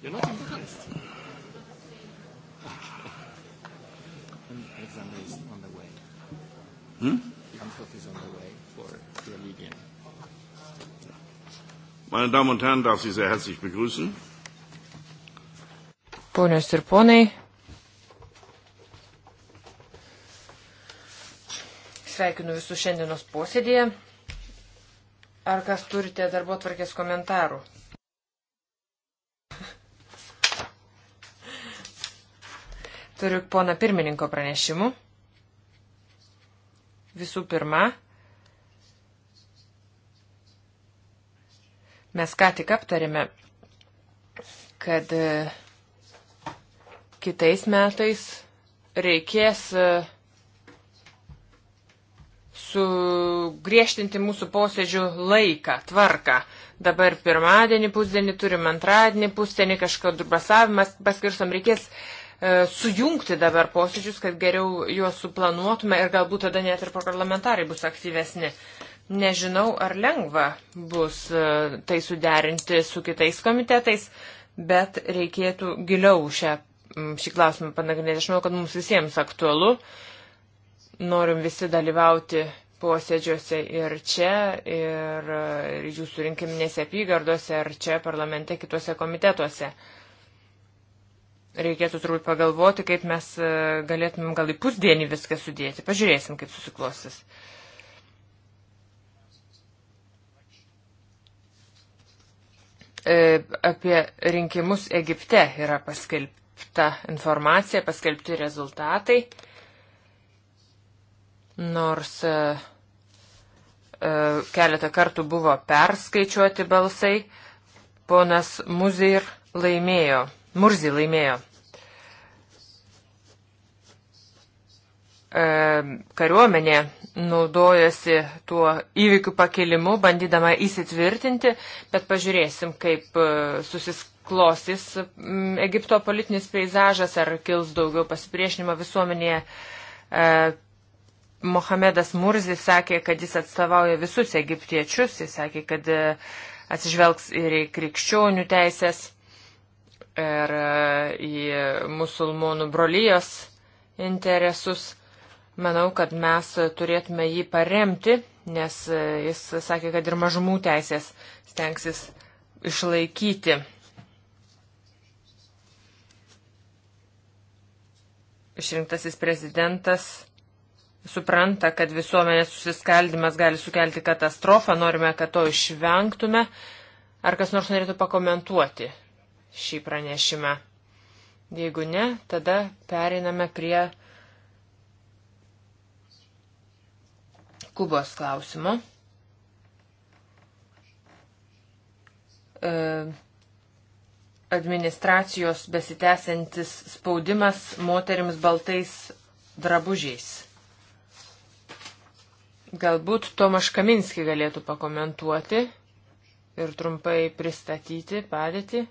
You're not impressed. Alexander is on the way. Hmm? Antwort is on the way for your Libyen. Meine Damen und Herren, darf Sie sehr herzlich begrüßen. Ponios ir ponai, sveikinu visus šiandienos posėdėje. Ar kas turite darbo tvarkės komentarų? Turiu pono pirmininko pranešimų. Visų pirma, mes ką tik aptarėme, kad e, kitais metais reikės e, sugriežtinti mūsų posėdžių laiką, tvarką. Dabar pirmadienį pusdienį turim antradienį pusdienį kažko durbasavimas paskirstom, reikės uh, E, sujungti dabar posėdžius, kad geriau juos suplanuotume ir galbūt tada net ir parlamentarai bus aktyvesni. Nežinau, ar lengva bus e, tai suderinti su kitais komitetais, bet reikėtų giliau šią, šį klausimą panagrinėti. Aš manau, kad mums visiems aktualu. Norim visi dalyvauti posėdžiuose ir čia, ir, e, ir jūsų rinkiminėse apygardose, ir čia parlamente, kituose komitetuose. Uh, reikėtų turbūt pagalvoti, kaip mes e, galėtumėm gal į pusdienį viską sudėti. Pažiūrėsim, kaip susiklostys. E, apie rinkimus Egipte yra paskelbta informacija, paskelbti rezultatai. Nors e, keletą kartų buvo perskaičiuoti balsai, ponas Muzir laimėjo Murzi laimėjo. E, kariuomenė naudojasi tuo įvykių pakelimu, bandydama įsitvirtinti, bet pažiūrėsim, kaip e, susiklostys Egipto politinis peizažas, ar kils daugiau pasipriešinimo visuomenėje. E, Mohamedas Murzi sakė, kad jis atstovauja visus egiptiečius, jis sakė, kad atsižvelgs ir į krikščionių teisės ir e, į musulmonų brolyjos interesus. Manau, kad mes turėtume jį paremti, nes e, jis sakė, kad ir mažumų teisės stengsis išlaikyti. Išrinktasis prezidentas supranta, kad visuomenės susiskaldimas gali sukelti katastrofą, norime, kad to išvengtume. Ar kas nors norėtų pakomentuoti šį pranešimą. Jeigu ne, tada pereiname prie Kubos klausimo. E, administracijos besitęsiantis spaudimas moteriams baltais drabužiais. Galbūt Tomaš Kaminski galėtų pakomentuoti ir trumpai pristatyti padėtį.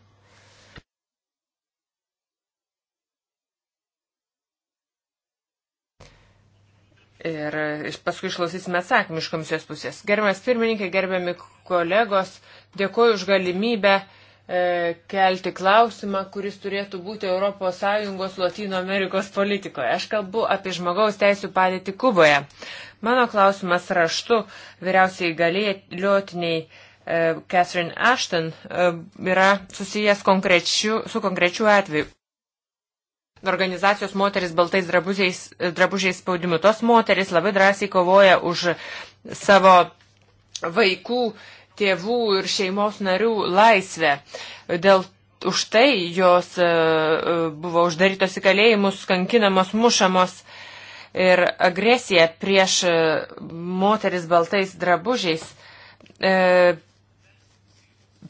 Ir paskui išklausysime atsakymų iš komisijos pusės. Gerbiamas pirmininkė, gerbiami kolegos, dėkuoju už galimybę e, kelti klausimą, kuris turėtų būti ES Latino Amerikos politikoje. Aš kalbu apie žmogaus teisų padėtį Kuboje. Mano klausimas raštu vyriausiai galėtiniai e, Catherine Ashton e, yra susijęs konkrečiu, su konkrečiu atveju organizacijos moteris baltais drabužiais, drabužiais spaudimu. Tos moteris labai drąsiai kovoja už savo vaikų, tėvų ir šeimos narių laisvę. Dėl už tai jos e, e, buvo uždarytos į kalėjimus, kankinamos, mušamos. Ir agresija prieš e, moteris baltais drabužiais e,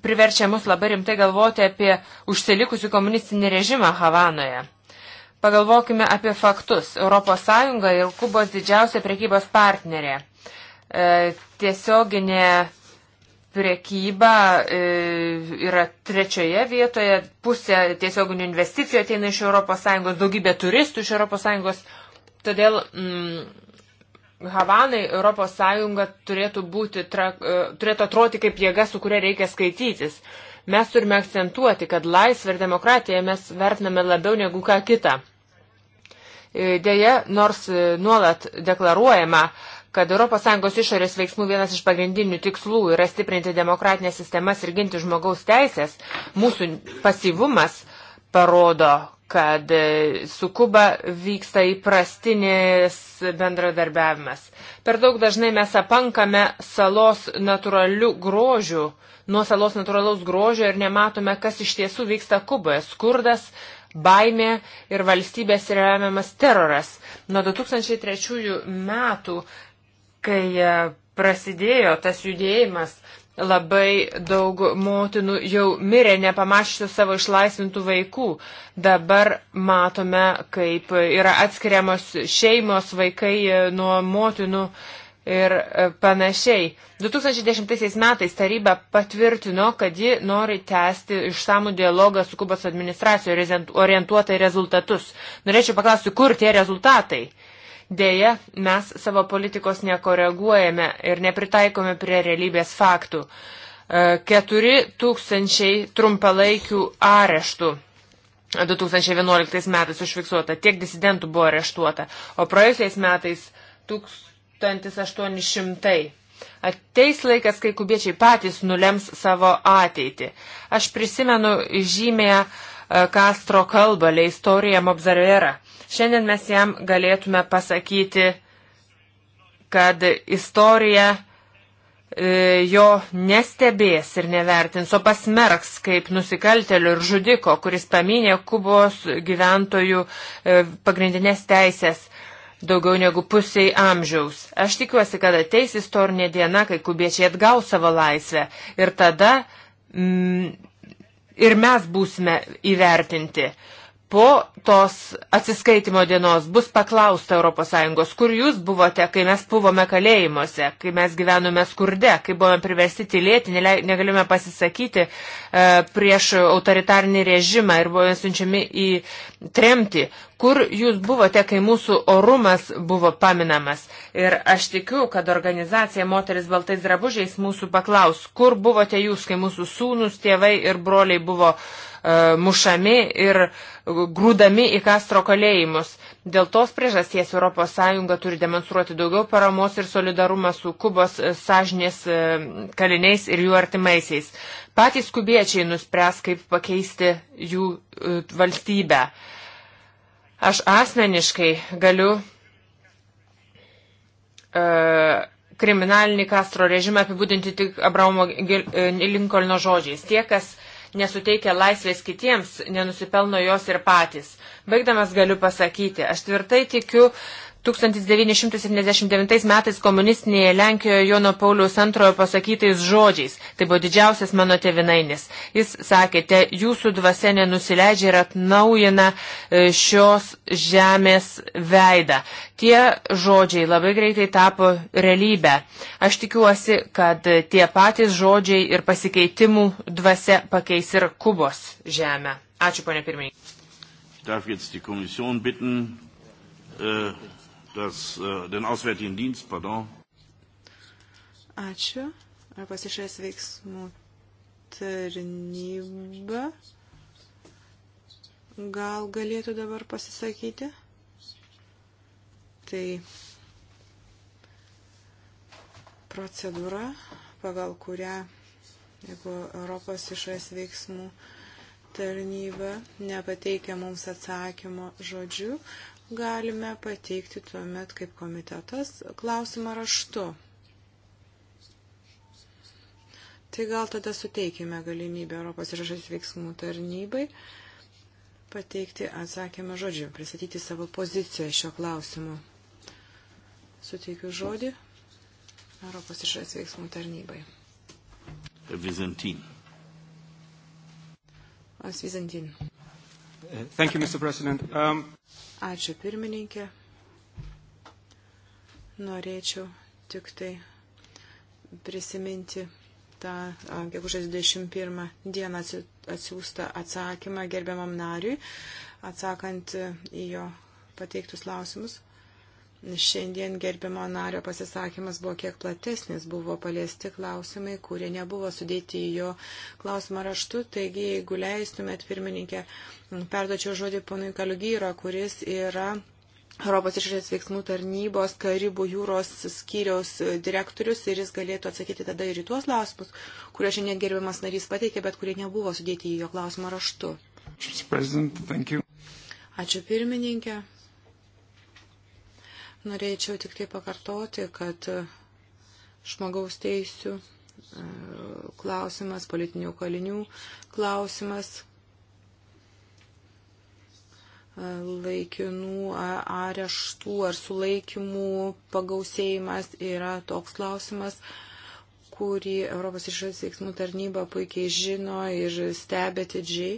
priverčia mus labai rimtai galvoti apie užsilikusių komunistinį režimą Havanoje. Pagalvokime apie faktus. ES ir Kubos didžiausia prekybos partnerė. E, tiesioginė prekyba e, yra trečioje vietoje, pusė tiesioginių investicijų ateina iš ES, daugybė turistų iš ES. Todėl mm, Havanai ES turėtų, būti, tra, e, turėtų atrodyti kaip jėga, su kuria reikia skaitytis. E, Mes turime akcentuoti, kad laisvę ir demokratiją mes vertiname labiau negu ką kitą. E, Deja, nors e, nuolat deklaruojama, kad ES išorės veiksmų vienas iš pagrindinių tikslų yra stiprinti demokratinės sistemas ir ginti žmogaus teisės, mūsų pasivumas parodo, kad e, su Kuba vyksta įprastinis bendradarbiavimas. Per daug dažnai mes apankame salos natūralių grožių, nuo salos natūralaus grožio ir nematome, kas iš tiesų vyksta Kuboje. Skurdas, baimė ir valstybės remiamas teroras. Nuo 2003 metų, kai e, prasidėjo tas judėjimas, Labai daug motinų jau mirė, nepamaščių savo išlaisvintų vaikų. Dabar matome, kaip yra atskiriamos šeimos vaikai e, nuo motinų ir e, panašiai. 2010 metais taryba patvirtino, kad ji nori tęsti išsamų dialogą su Kubos administracijoje orientuotą į rezultatus. Norėčiau paklausti, kur tie rezultatai? Deja, mes savo politikos nekoreguojame ir nepritaikome prie realybės faktų. 4 e, tūkstančiai trumpalaikių areštų 2011 metais užfiksuota, tiek disidentų buvo areštuota, o praėjusiais metais 1800. Ateis laikas, kai kubiečiai patys nulems savo ateitį. Aš prisimenu žymėją Kastro e, kalbą Le Istorija Mobzarvera. Šiandien mes jam galėtume pasakyti, kad istorija e, jo nestebės ir nevertins, o pasmerks kaip nusikaltelių ir žudiko, kuris paminė Kubos gyventojų e, pagrindinės teisės daugiau negu pusiai amžiaus. Aš tikiuosi, kad ateis istorinė diena, kai kubiečiai atgaus savo laisvę ir tada mm, ir mes būsime įvertinti po tos atsiskaitimo dienos bus paklausta ES, kur jūs buvote, kai mes buvome kalėjimuose, kai mes gyvenome skurde, kai buvome priversti tylėti, negalime pasisakyti e, prieš autoritarnį režimą ir buvome siunčiami į tremtį, kur jūs buvote, kai mūsų orumas buvo paminamas. Ir aš tikiu, kad organizacija Moteris baltais drabužiais mūsų paklaus, kur buvote jūs, kai mūsų sūnus, tėvai ir broliai buvo E, mušami ir grūdami į Kastro kalėjimus. Dėl tos priežasties ES turi demonstruoti daugiau paramos ir solidarumą su Kubos sąžinės e, kaliniais ir jų artimaisiais. Patys kubiečiai nuspręs, kaip pakeisti jų e, valstybę. Aš asmeniškai galiu uh, kriminalinį Kastro režimą apibūdinti tik Abramo Lincolno žodžiais. Tie, kas uh, nesuteikia laisvės kitiems, nenusipelno jos ir patys. Baigdamas galiu pasakyti, aš tvirtai tikiu 1979 metais komunistinėje Lenkijoje Jono Pauliaus antrojo pasakytais žodžiais. Tai buvo didžiausias mano tevinainis. Jis sakė, te jūsų dvasia nenusileidžia ir atnaujina e, šios žemės veidą. Tie žodžiai labai greitai tapo realybę. Aš tikiuosi, kad tie patys žodžiai ir pasikeitimų dvasia pakeis ir Kubos žemę. Ačiū, ponė pirmininkė. Darf jetzt die Kommission bitten, äh, das, äh, den Auswärtigen Dienst, pardon. Ačiū. Pasišės veiksmų tarnyba. Gal galėtų dabar pasisakyti? Tai procedūra, pagal kurią, jeigu Europos išorės veiksmų tarnyba nepateikia mums atsakymo žodžiu, galime pateikti tuomet kaip komitetas klausimą raštu. Tai gal tada suteikime galimybę Europos išrašės veiksmų tarnybai pateikti atsakymą žodžiu, pristatyti savo poziciją šio klausimu. Suteikiu žodį Europos išrašės veiksmų tarnybai. Vizantin. As Vizantin. Thank you, Mr. President. Um... Ačiū pirmininkė. Norėčiau tik tai prisiminti tą gegužės 21 dieną atsiųstą atsakymą gerbiamam nariui, atsakant į jo pateiktus klausimus. Šiandien gerbimo nario pasisakymas buvo kiek platesnis, buvo paliesti klausimai, kurie nebuvo sudėti į jo klausimą raštu. Taigi, jeigu leistumėt, pirmininkė, perdočiau žodį ponui Kaliugyro, kuris yra Europos išorės veiksmų tarnybos Karibų jūros skyriaus direktorius ir jis galėtų atsakyti tada ir į tuos klausimus, kurio šiandien gerbiamas narys pateikė, bet kurie nebuvo sudėti į jo klausimą raštu. Ačiū pirmininkė norėčiau tik tai pakartoti, kad žmogaus teisų e, klausimas, politinių kalinių klausimas, e, laikinų areštų ar sulaikymų pagausėjimas yra toks klausimas, kurį Europos išorės veiksmų tarnyba puikiai žino ir stebi atidžiai.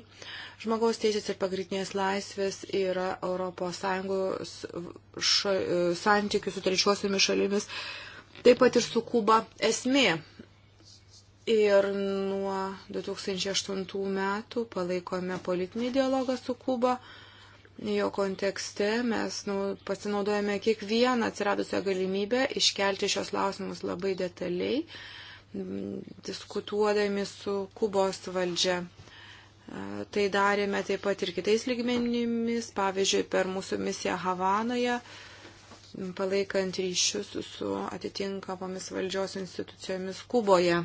Žmogaus teisės ir pagrindinės laisvės yra ES santykių su trečiosiomis šalimis, taip pat ir su Kuba esmė. Ir nuo 2008 metų palaikome politinį dialogą su Kuba. Jo kontekste mes nu, pasinaudojame kiekvieną atsiradusią galimybę iškelti šios lausimus labai detaliai. Uh, diskutuodami su Kubos valdžia. Tai darėme taip pat ir kitais lygmenimis, pavyzdžiui, per mūsų misiją Havanoje, palaikant ryšius su atitinkamomis valdžios institucijomis Kuboje.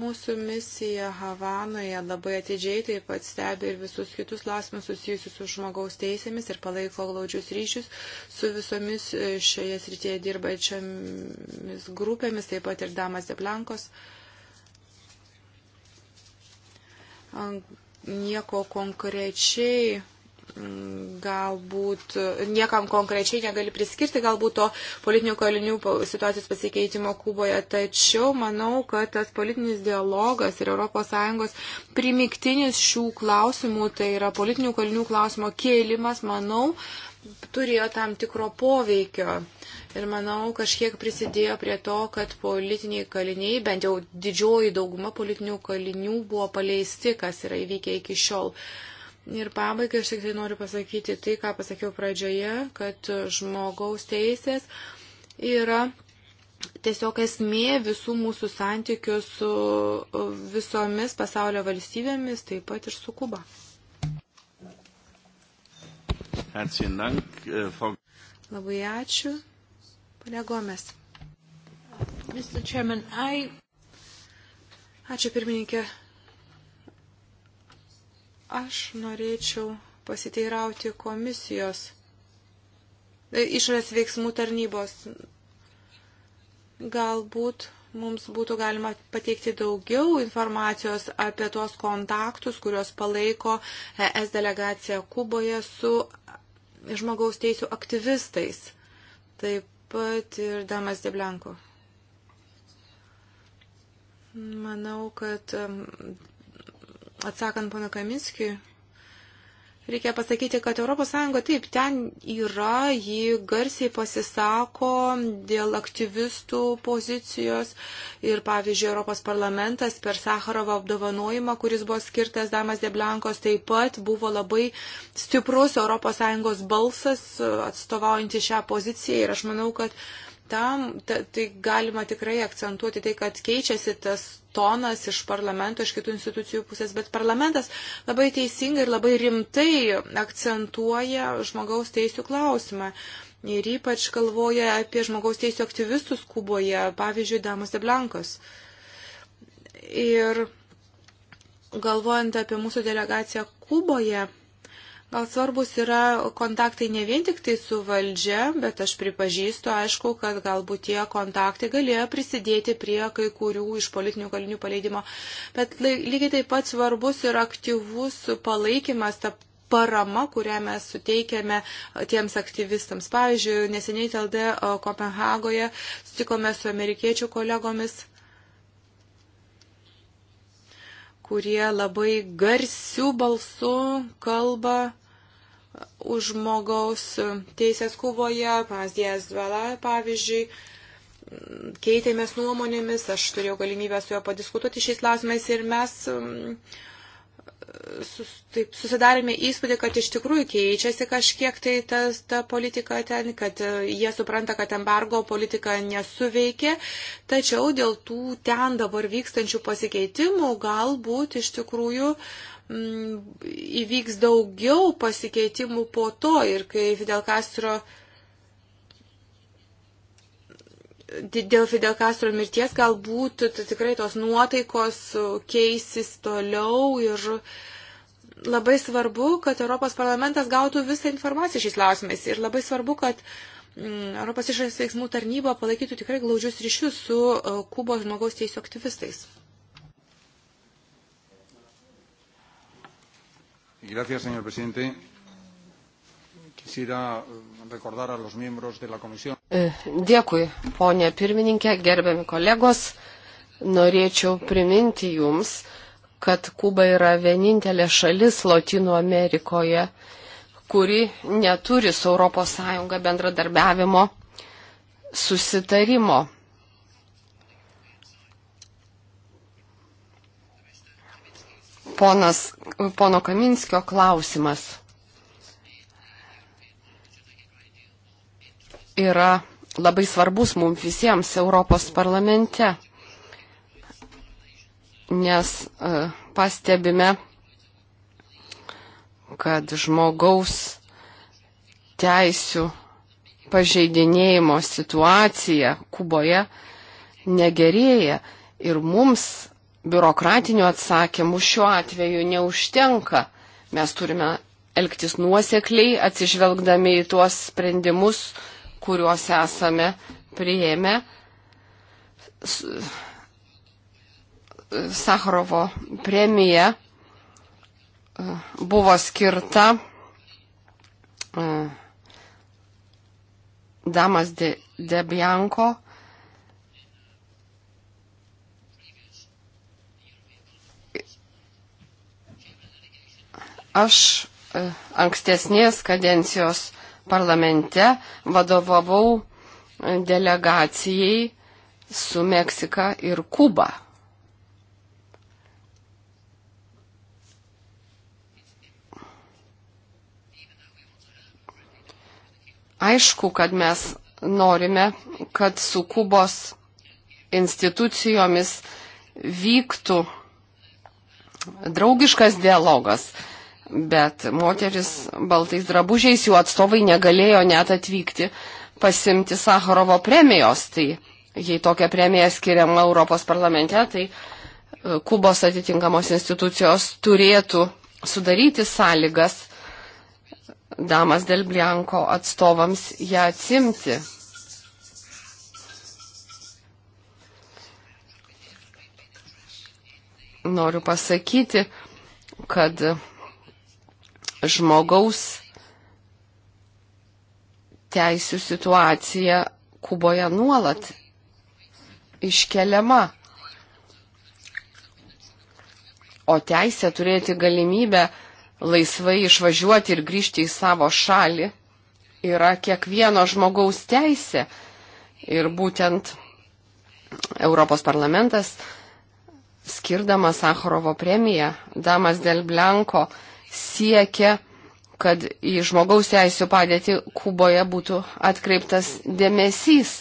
Mūsų misija Havanoje labai atidžiai taip pat stebi ir visus kitus klausimus susijusius su žmogaus teisėmis ir palaiko glaudžius ryšius su visomis e, šioje srityje dirbančiamis grupėmis, taip pat ir Damas Deplankos. Nieko konkrečiai galbūt niekam konkrečiai negali priskirti galbūt to politinių kalinių situacijos pasikeitimo Kuboje, tačiau manau, kad tas politinis dialogas ir ES primiktinis šių klausimų, tai yra politinių kalinių klausimo kėlimas, manau, turėjo tam tikro poveikio. Ir manau, kažkiek prisidėjo prie to, kad politiniai kaliniai, bent jau didžioji dauguma politinių kalinių buvo paleisti, kas yra įvykę iki šiol. Uh, Ir pabaigai aš tik tai noriu pasakyti tai, ką pasakiau pradžioje, kad žmogaus teisės yra tiesiog esmė visų mūsų santykių su visomis pasaulio valstybėmis, taip pat ir su Kuba. Äh, Labai ačiū. Pane Gomes. Ačiū pirmininkė. Aš norėčiau pasiteirauti komisijos e, išorės veiksmų tarnybos. Galbūt mums būtų galima pateikti daugiau informacijos apie tuos kontaktus, kuriuos palaiko ES delegacija Kuboje su žmogaus teisų aktyvistais. Taip pat ir Damas Deblanko. Manau, kad Atsakant pana Kaminskiui, reikia pasakyti, kad ES taip, ten yra, ji garsiai pasisako dėl aktyvistų pozicijos ir, pavyzdžiui, Europos parlamentas per Sakarovo apdovanojimą, kuris buvo skirtas Damas Deblankos, taip pat buvo labai stiprus ES balsas atstovaujanti šią poziciją ir aš manau, kad tam, ta, tai galima tikrai akcentuoti tai, kad keičiasi tas tonas iš parlamento, iš kitų institucijų pusės, bet parlamentas labai teisingai ir labai rimtai akcentuoja žmogaus teisų klausimą. Ir ypač galvoja apie žmogaus teisų aktyvistus Kuboje, pavyzdžiui, Damos de Blankos. Ir galvojant apie mūsų delegaciją Kuboje, Gal svarbus yra kontaktai ne vien tik tai su valdžia, bet aš pripažįstu, aišku, kad galbūt tie kontaktai galėjo prisidėti prie kai kurių iš politinių kalinių paleidimo. Bet lygiai taip pat svarbus ir aktyvus palaikymas, ta parama, kurią mes suteikėme tiems aktyvistams. Pavyzdžiui, neseniai TLD e, Kopenhagoje sutikome su amerikiečių kolegomis kurie labai garsių balsų kalba už žmogaus teisės kovoje, pas Dies Dvala, pavyzdžiui, keitėmės nuomonėmis, aš turėjau galimybę su juo padiskutuoti šiais klausimais ir mes mm, sus, taip, susidarėme įspūdį, kad iš tikrųjų keičiasi kažkiek tai tas, ta politika ten, kad e, jie supranta, kad embargo politika nesuveikė, tačiau dėl tų ten dabar vykstančių pasikeitimų galbūt iš tikrųjų uh, Mm, įvyks daugiau pasikeitimų po to ir kai Fidel Castro dėl Fidel Castro mirties galbūt tikrai tos nuotaikos keisis toliau ir labai svarbu, kad Europos parlamentas gautų visą informaciją šiais klausimais ir labai svarbu, kad mm, Europos išorės veiksmų tarnyba palaikytų tikrai glaudžius ryšius su e, Kubos žmogaus teisų aktyvistais. Gracias, señor presidente. Quisiera eh, recordar a los miembros de la comisión. Eh, dėkui, ponė pirmininkė, gerbiami kolegos. Norėčiau priminti jums, kad Kuba yra vienintelė šalis Latino Amerikoje, kuri neturi su ES bendradarbiavimo susitarimo. ponas, pono Kaminskio klausimas yra labai svarbus mums visiems Europos parlamente, nes e, pastebime, kad žmogaus teisų pažeidinėjimo situacija Kuboje negerėja ir mums biurokratinių atsakymų šiuo atveju neužtenka. Mes turime elgtis nuosekliai, atsižvelgdami į tuos sprendimus, kuriuos esame prieėmę. Sakharovo premija e, buvo skirta e, Damas de, de Bianco Aš e, ankstesnės kadencijos parlamente vadovavau e, delegacijai su Meksika ir Kuba. Aišku, kad mes norime, kad su Kubos institucijomis vyktų draugiškas dialogas bet moteris baltais drabužiais, jų atstovai negalėjo net atvykti pasimti Sakarovo premijos. Tai jei tokia premija skiriama Europos parlamente, tai e, Kubos atitinkamos institucijos turėtų sudaryti sąlygas Damas Del Blanko atstovams ją atsimti. Noriu pasakyti, kad žmogaus teisų situacija Kuboje nuolat iškeliama. O teisė turėti galimybę laisvai išvažiuoti ir grįžti į savo šalį yra kiekvieno žmogaus teisė. Ir būtent Europos parlamentas, skirdamas Sakharovo premiją, Damas Del Blanko, siekia, kad į žmogaus teisų padėtį Kuboje būtų atkreiptas dėmesys.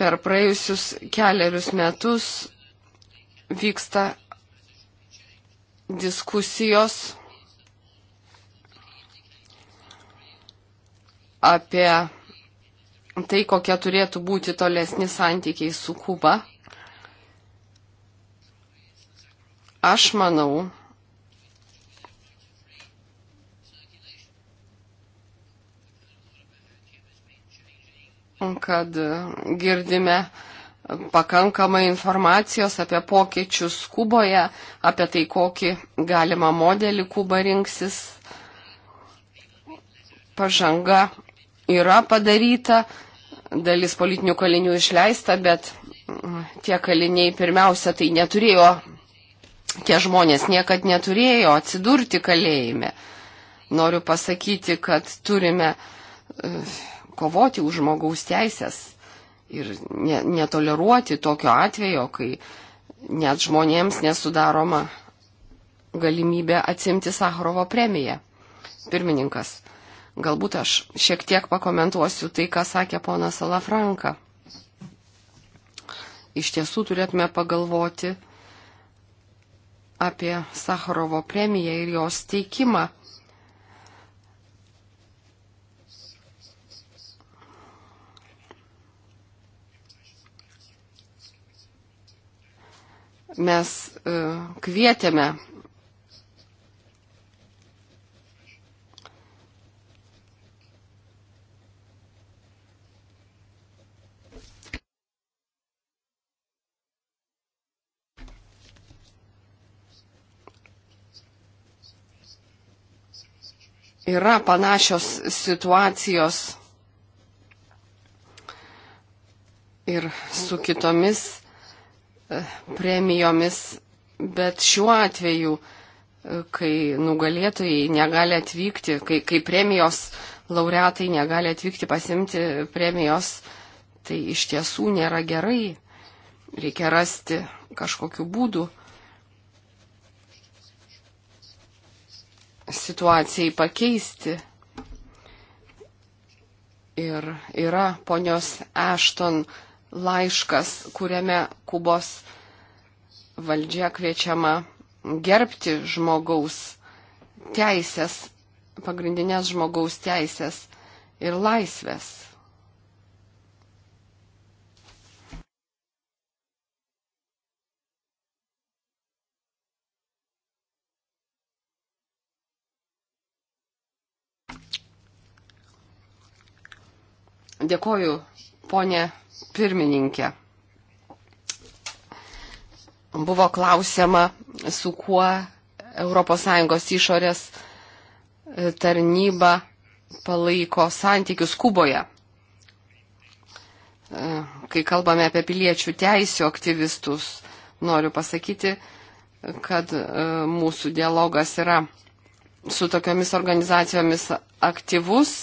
Per praėjusius keliarius metus vyksta diskusijos apie tai, kokie turėtų būti tolesni santykiai su Kuba. Aš manau, kad girdime pakankamai informacijos apie pokyčius Kuboje, apie tai, kokį galima modelį Kuba rinksis. Pažanga yra padaryta, dalis politinių kalinių išleista, bet tie kaliniai pirmiausia tai neturėjo tie žmonės niekad neturėjo atsidurti kalėjime. Noriu pasakyti, kad turime eh, kovoti už žmogaus teisės ir ne, netoleruoti tokio atvejo, kai net žmonėms nesudaroma galimybė atsimti Sakrovo premiją. Pirmininkas, galbūt aš šiek tiek pakomentuosiu tai, ką sakė ponas Salafranka. Iš tiesų turėtume pagalvoti, apie Sakharovo premiją ir jos teikimą. Mes e, kvietėme yra panašios situacijos ir su kitomis e, premijomis, bet šiuo atveju, e, kai nugalėtojai negali atvykti, kai, kai premijos laureatai negali atvykti pasimti premijos, tai iš tiesų nėra gerai. Reikia rasti kažkokiu būdu situacijai pakeisti. Ir yra ponios Ešton laiškas, kuriame Kubos valdžia kviečiama gerbti žmogaus teisės, pagrindinės žmogaus teisės ir laisvės. Dėkoju, ponė pirmininkė. Buvo klausima, su kuo ES išorės e, tarnyba palaiko santykius Kuboje. E, kai kalbame apie piliečių teisų aktyvistus, noriu pasakyti, kad e, mūsų dialogas yra su tokiomis organizacijomis aktyvus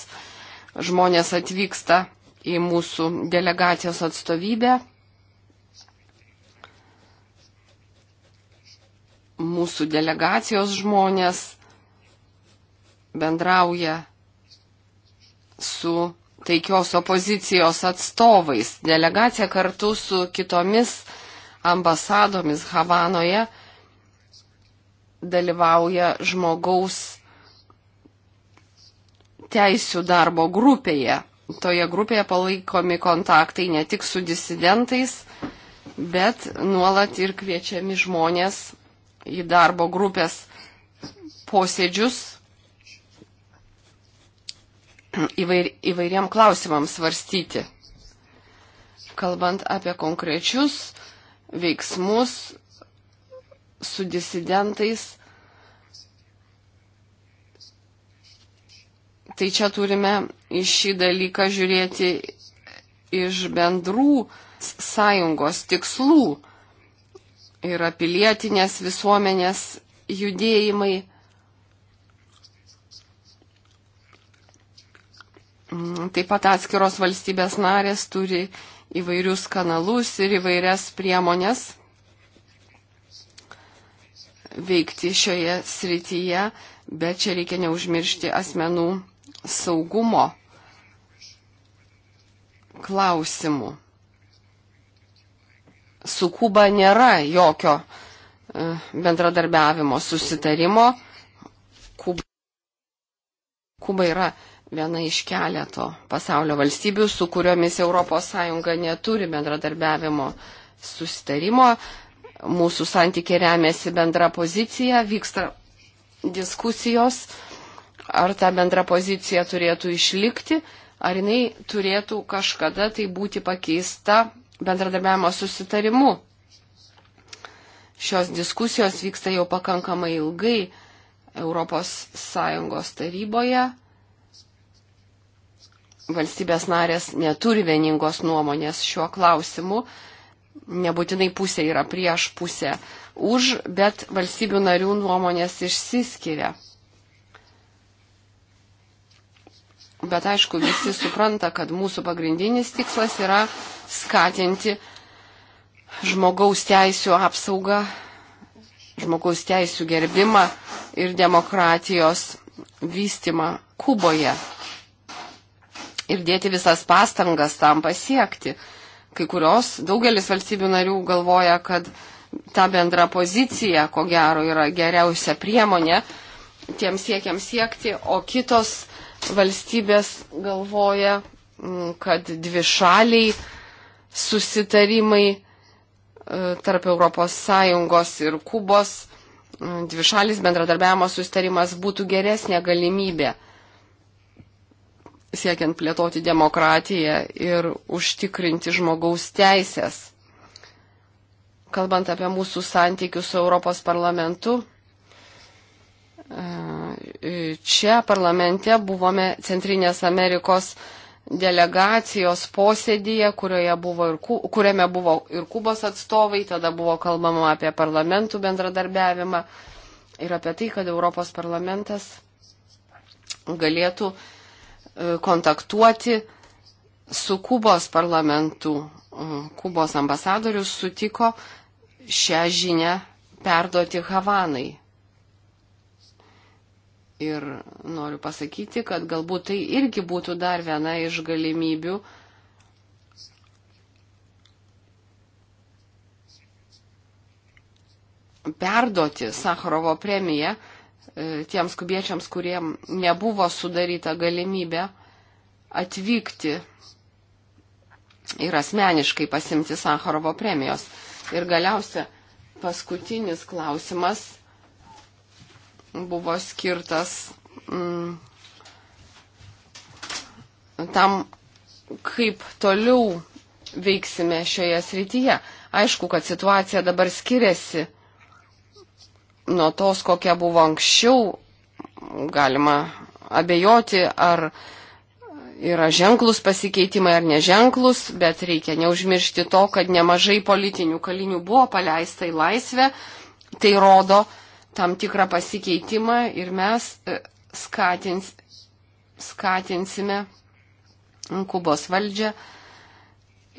žmonės atvyksta į mūsų delegacijos atstovybę. Mūsų delegacijos žmonės bendrauja su taikios opozicijos atstovais. Delegacija kartu su kitomis ambasadomis Havanoje dalyvauja žmogaus teisų darbo grupėje. Toje grupėje palaikomi kontaktai ne tik su disidentais, bet nuolat ir kviečiami žmonės į darbo grupės posėdžius įvair, įvairiam klausimams svarstyti. Kalbant apie konkrečius veiksmus su disidentais, Tai čia turime į šį dalyką žiūrėti iš bendrų sąjungos tikslų. Yra pilietinės visuomenės judėjimai. Mm, taip pat atskiros valstybės narės turi įvairius kanalus ir įvairias priemonės veikti šioje srityje, bet čia reikia neužmiršti asmenų saugumo klausimų. Su Kuba nėra jokio e, bendradarbiavimo susitarimo. Kuba, Kuba yra viena iš keleto pasaulio valstybių, su kuriomis ES neturi bendradarbiavimo susitarimo. Mūsų santykiai remiasi bendra pozicija, vyksta diskusijos ar ta bendra pozicija turėtų išlikti, ar jinai turėtų kažkada tai būti pakeista bendradarbiavimo susitarimu. Šios diskusijos vyksta jau pakankamai ilgai ES taryboje. Valstybės narės neturi vieningos nuomonės šiuo klausimu. Nebūtinai pusė yra prieš pusę už, bet valstybių narių nuomonės išsiskiria. Bet aišku, visi supranta, kad mūsų pagrindinis tikslas yra skatinti žmogaus teisų apsaugą, žmogaus teisų gerbimą ir demokratijos vystimą Kuboje. Ir dėti visas pastangas tam pasiekti. Kai kurios, daugelis valstybių narių galvoja, kad ta bendra pozicija, ko gero, yra geriausia priemonė tiems siekiams siekti, o kitos valstybės galvoja, mm, kad dvi šaliai susitarimai e, tarp ES ir Kubos, mm, dvi šalis bendradarbiavimo susitarimas būtų geresnė galimybė siekiant plėtoti demokratiją ir užtikrinti žmogaus teisės. Kalbant apie mūsų santykius su Europos parlamentu, e, čia parlamente buvome Centrinės Amerikos delegacijos posėdėje, buvo ir, kuriame buvo ir Kubos atstovai, tada buvo kalbama apie parlamentų bendradarbiavimą ir apie tai, kad Europos parlamentas galėtų e, kontaktuoti su Kubos parlamentu. Mm, Kubos ambasadorius sutiko šią žinę perduoti Havanai. Ir noriu pasakyti, kad galbūt tai irgi būtų dar viena iš galimybių perduoti Sakharovo premiją e, tiems kubiečiams, kuriem nebuvo sudaryta galimybė atvykti ir asmeniškai pasimti Sakharovo premijos. Ir galiausia, paskutinis klausimas buvo skirtas mm, tam, kaip toliau veiksime šioje srityje. Aišku, kad situacija dabar skiriasi nuo tos, kokia buvo anksčiau. Galima abejoti, ar yra ženklus pasikeitimai ar neženklus, bet reikia neužmiršti to, kad nemažai politinių kalinių buvo paleista į laisvę. Tai rodo, tam tikrą pasikeitimą ir mes e, skatins, skatinsime Kubos valdžią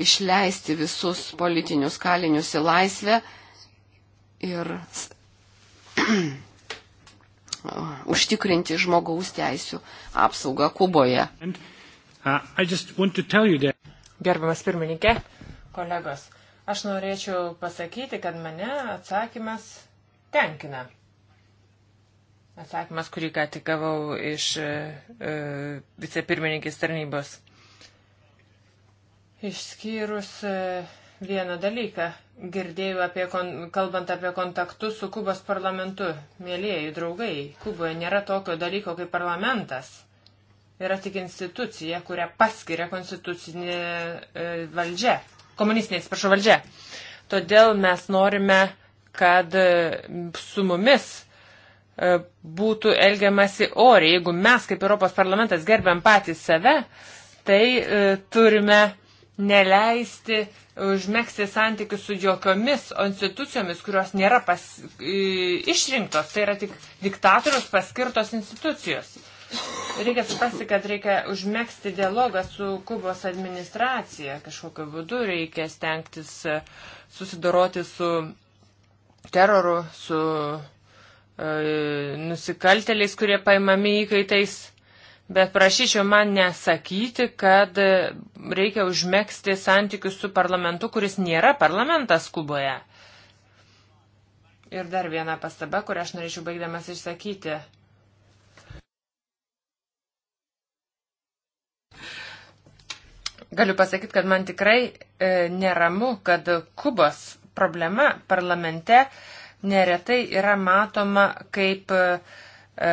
išleisti visus politinius kalinius į laisvę ir užtikrinti žmogaus teisų apsaugą Kuboje. And, uh, Gerbiamas pirmininkė, kolegos, aš norėčiau pasakyti, kad mane atsakymas tenkina. Atsakymas, kurį ką tik gavau iš e, e, vicepirmininkės tarnybos. Išskyrus e, vieną dalyką, girdėjau apie, kon, kalbant apie kontaktus su Kubos parlamentu. Mėlėjai draugai, Kuboje nėra tokio dalyko kaip parlamentas. Yra tik institucija, kurią paskiria konstitucinė e, valdžia, komunistinė, atsiprašau, valdžia. Todėl mes norime, kad e, su mumis E, būtų elgiamasi oriai. Jeigu mes kaip Europos parlamentas gerbiam patys save, tai e, turime neleisti užmėgsti santykius su jokiomis institucijomis, kurios nėra pas, e, išrinktos, tai yra tik diktatorius paskirtos institucijos. Reikia suprasti, kad reikia užmėgsti dialogą su Kubos administracija, kažkokiu būdu reikia stengtis susidoroti su teroru, su nusikalteliais, kurie paimami įkaitais. Bet prašyčiau man nesakyti, kad reikia užmėgsti santykius su parlamentu, kuris nėra parlamentas Kuboje. Ir dar viena pastaba, kurią aš norėčiau baigdamas išsakyti. Galiu pasakyti, kad man tikrai e, neramu, kad Kubos problema parlamente e, neretai yra matoma kaip e, e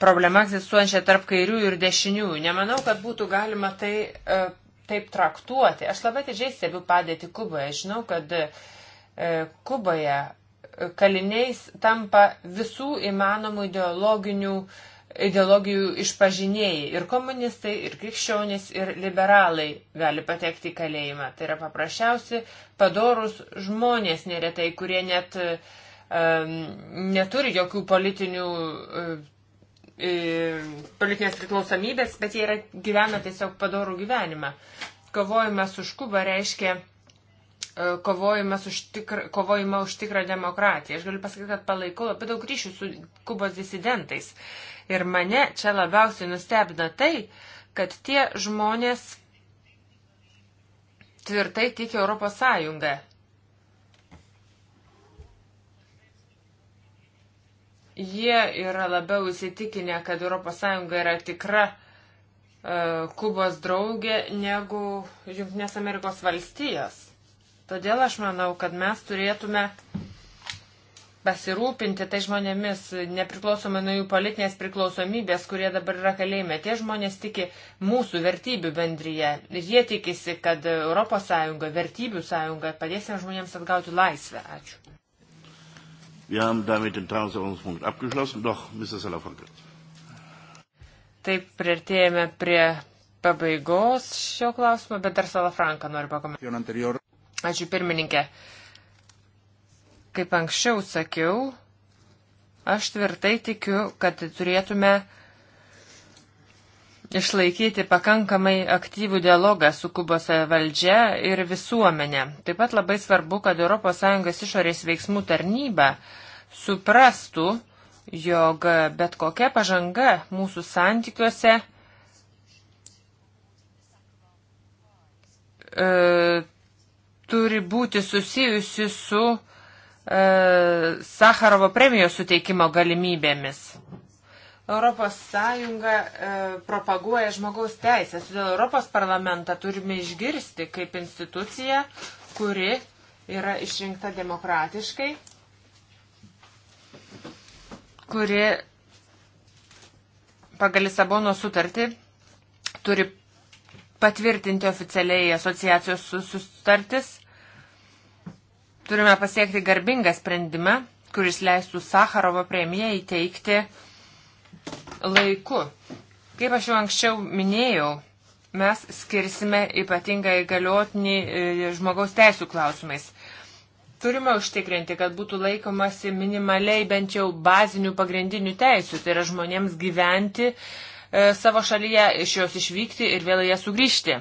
problema egzistuojančia tarp kairių ir dešinių. Nemanau, kad būtų galima tai e, taip traktuoti. Aš labai didžiai stebiu padėti Kuboje. Žinau, kad e, Kuboje e, kaliniais tampa visų įmanomų ideologinių ideologijų išpažinėjai ir komunistai, ir krikščionys, ir liberalai gali patekti į kalėjimą. Tai yra paprasčiausi padorus žmonės neretai, kurie net uh, neturi jokių politinių, e, e, politinės priklausomybės, bet jie yra, gyvena tiesiog padorų gyvenimą. Kovojimas už Kubą reiškia kovojimas už tikrą, kovojimą už tikrą demokratiją. Aš galiu pasakyti, kad palaikau labai daug ryšių su Kubos disidentais. Ir mane čia labiausiai nustebina tai, kad tie žmonės tvirtai tiki Europos Sąjungą. Jie yra labiau įsitikinę, kad ES yra tikra uh, Kubos draugė negu Junktinės Amerikos valstijos. Todėl aš manau, kad mes turėtume pasirūpinti tai žmonėmis, nepriklausomai nuo jų politinės priklausomybės, kurie dabar yra kalėjime. Tie žmonės tiki mūsų vertybių bendryje ir jie tikisi, kad ES, vertybių sąjunga padės jiems žmonėms atgauti laisvę. Ačiū. Wir haben damit den Tagesordnungspunkt abgeschlossen. Doch, Mr. Salafranca. Taip, prieartėjame prie pabaigos šio klausimo, bet dar Salafranka noriu pakomentuoti. Ačiū pirmininkė. Kaip anksčiau sakiau, aš tvirtai tikiu, kad turėtume uh, išlaikyti pakankamai aktyvų dialogą su Kubos valdžia ir visuomenė. Taip pat labai svarbu, kad ES išorės veiksmų tarnyba suprastų, jog bet kokia pažanga mūsų santykiuose e, turi būti susijusi su e, Sakarovo premijos suteikimo galimybėmis. Europos Sąjunga e, propaguoja žmogaus teisės, todėl Europos parlamentą turime išgirsti kaip instituciją, kuri yra išrinkta demokratiškai, kuri pagal Lisabono sutartį turi patvirtinti oficialiai asociacijos sustartis. Turime pasiekti garbingą sprendimą, kuris leistų Sakarovo premiją įteikti laiku. Kaip aš jau anksčiau minėjau, mes skirsime ypatingą įgaliotinį e, žmogaus teisų klausimais. Turime užtikrinti, kad būtų laikomasi minimaliai bent jau bazinių pagrindinių teisų, tai yra žmonėms gyventi e, savo šalyje, iš jos išvykti ir vėl ją sugrįžti.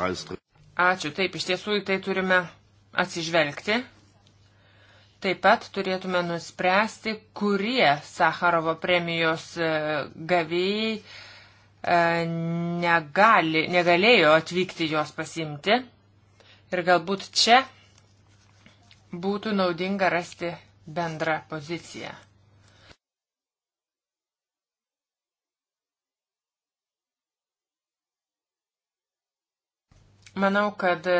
Ačiū, taip, iš tiesų į tai turime atsižvelgti. Taip pat turėtume nuspręsti, kurie Sakarovo premijos e, gavėjai e, negali, negalėjo atvykti jos pasimti. Ir galbūt čia būtų naudinga rasti bendrą poziciją. Manau, kad e,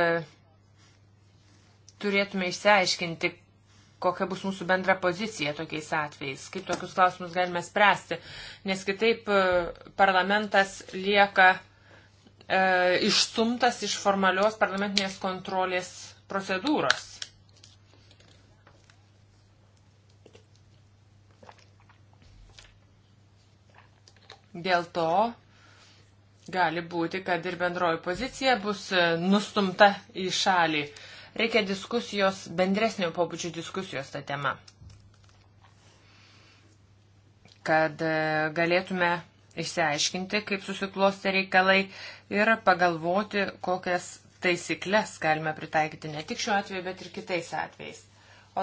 turėtume išsiaiškinti, kokia bus mūsų bendra pozicija tokiais atvejais, kaip tokius klausimus galime spręsti, nes kitaip e, parlamentas lieka e, išstumtas iš formalios parlamentinės kontrolės procedūros. Dėl to gali būti, kad ir bendroji pozicija bus e, nustumta į šalį. E, Reikia diskusijos, bendresnio pobūdžio diskusijos tą temą, kad e, galėtume išsiaiškinti, kaip susiklosti reikalai ir pagalvoti, kokias taisyklės galime pritaikyti ne tik šiuo atveju, bet ir kitais atvejais.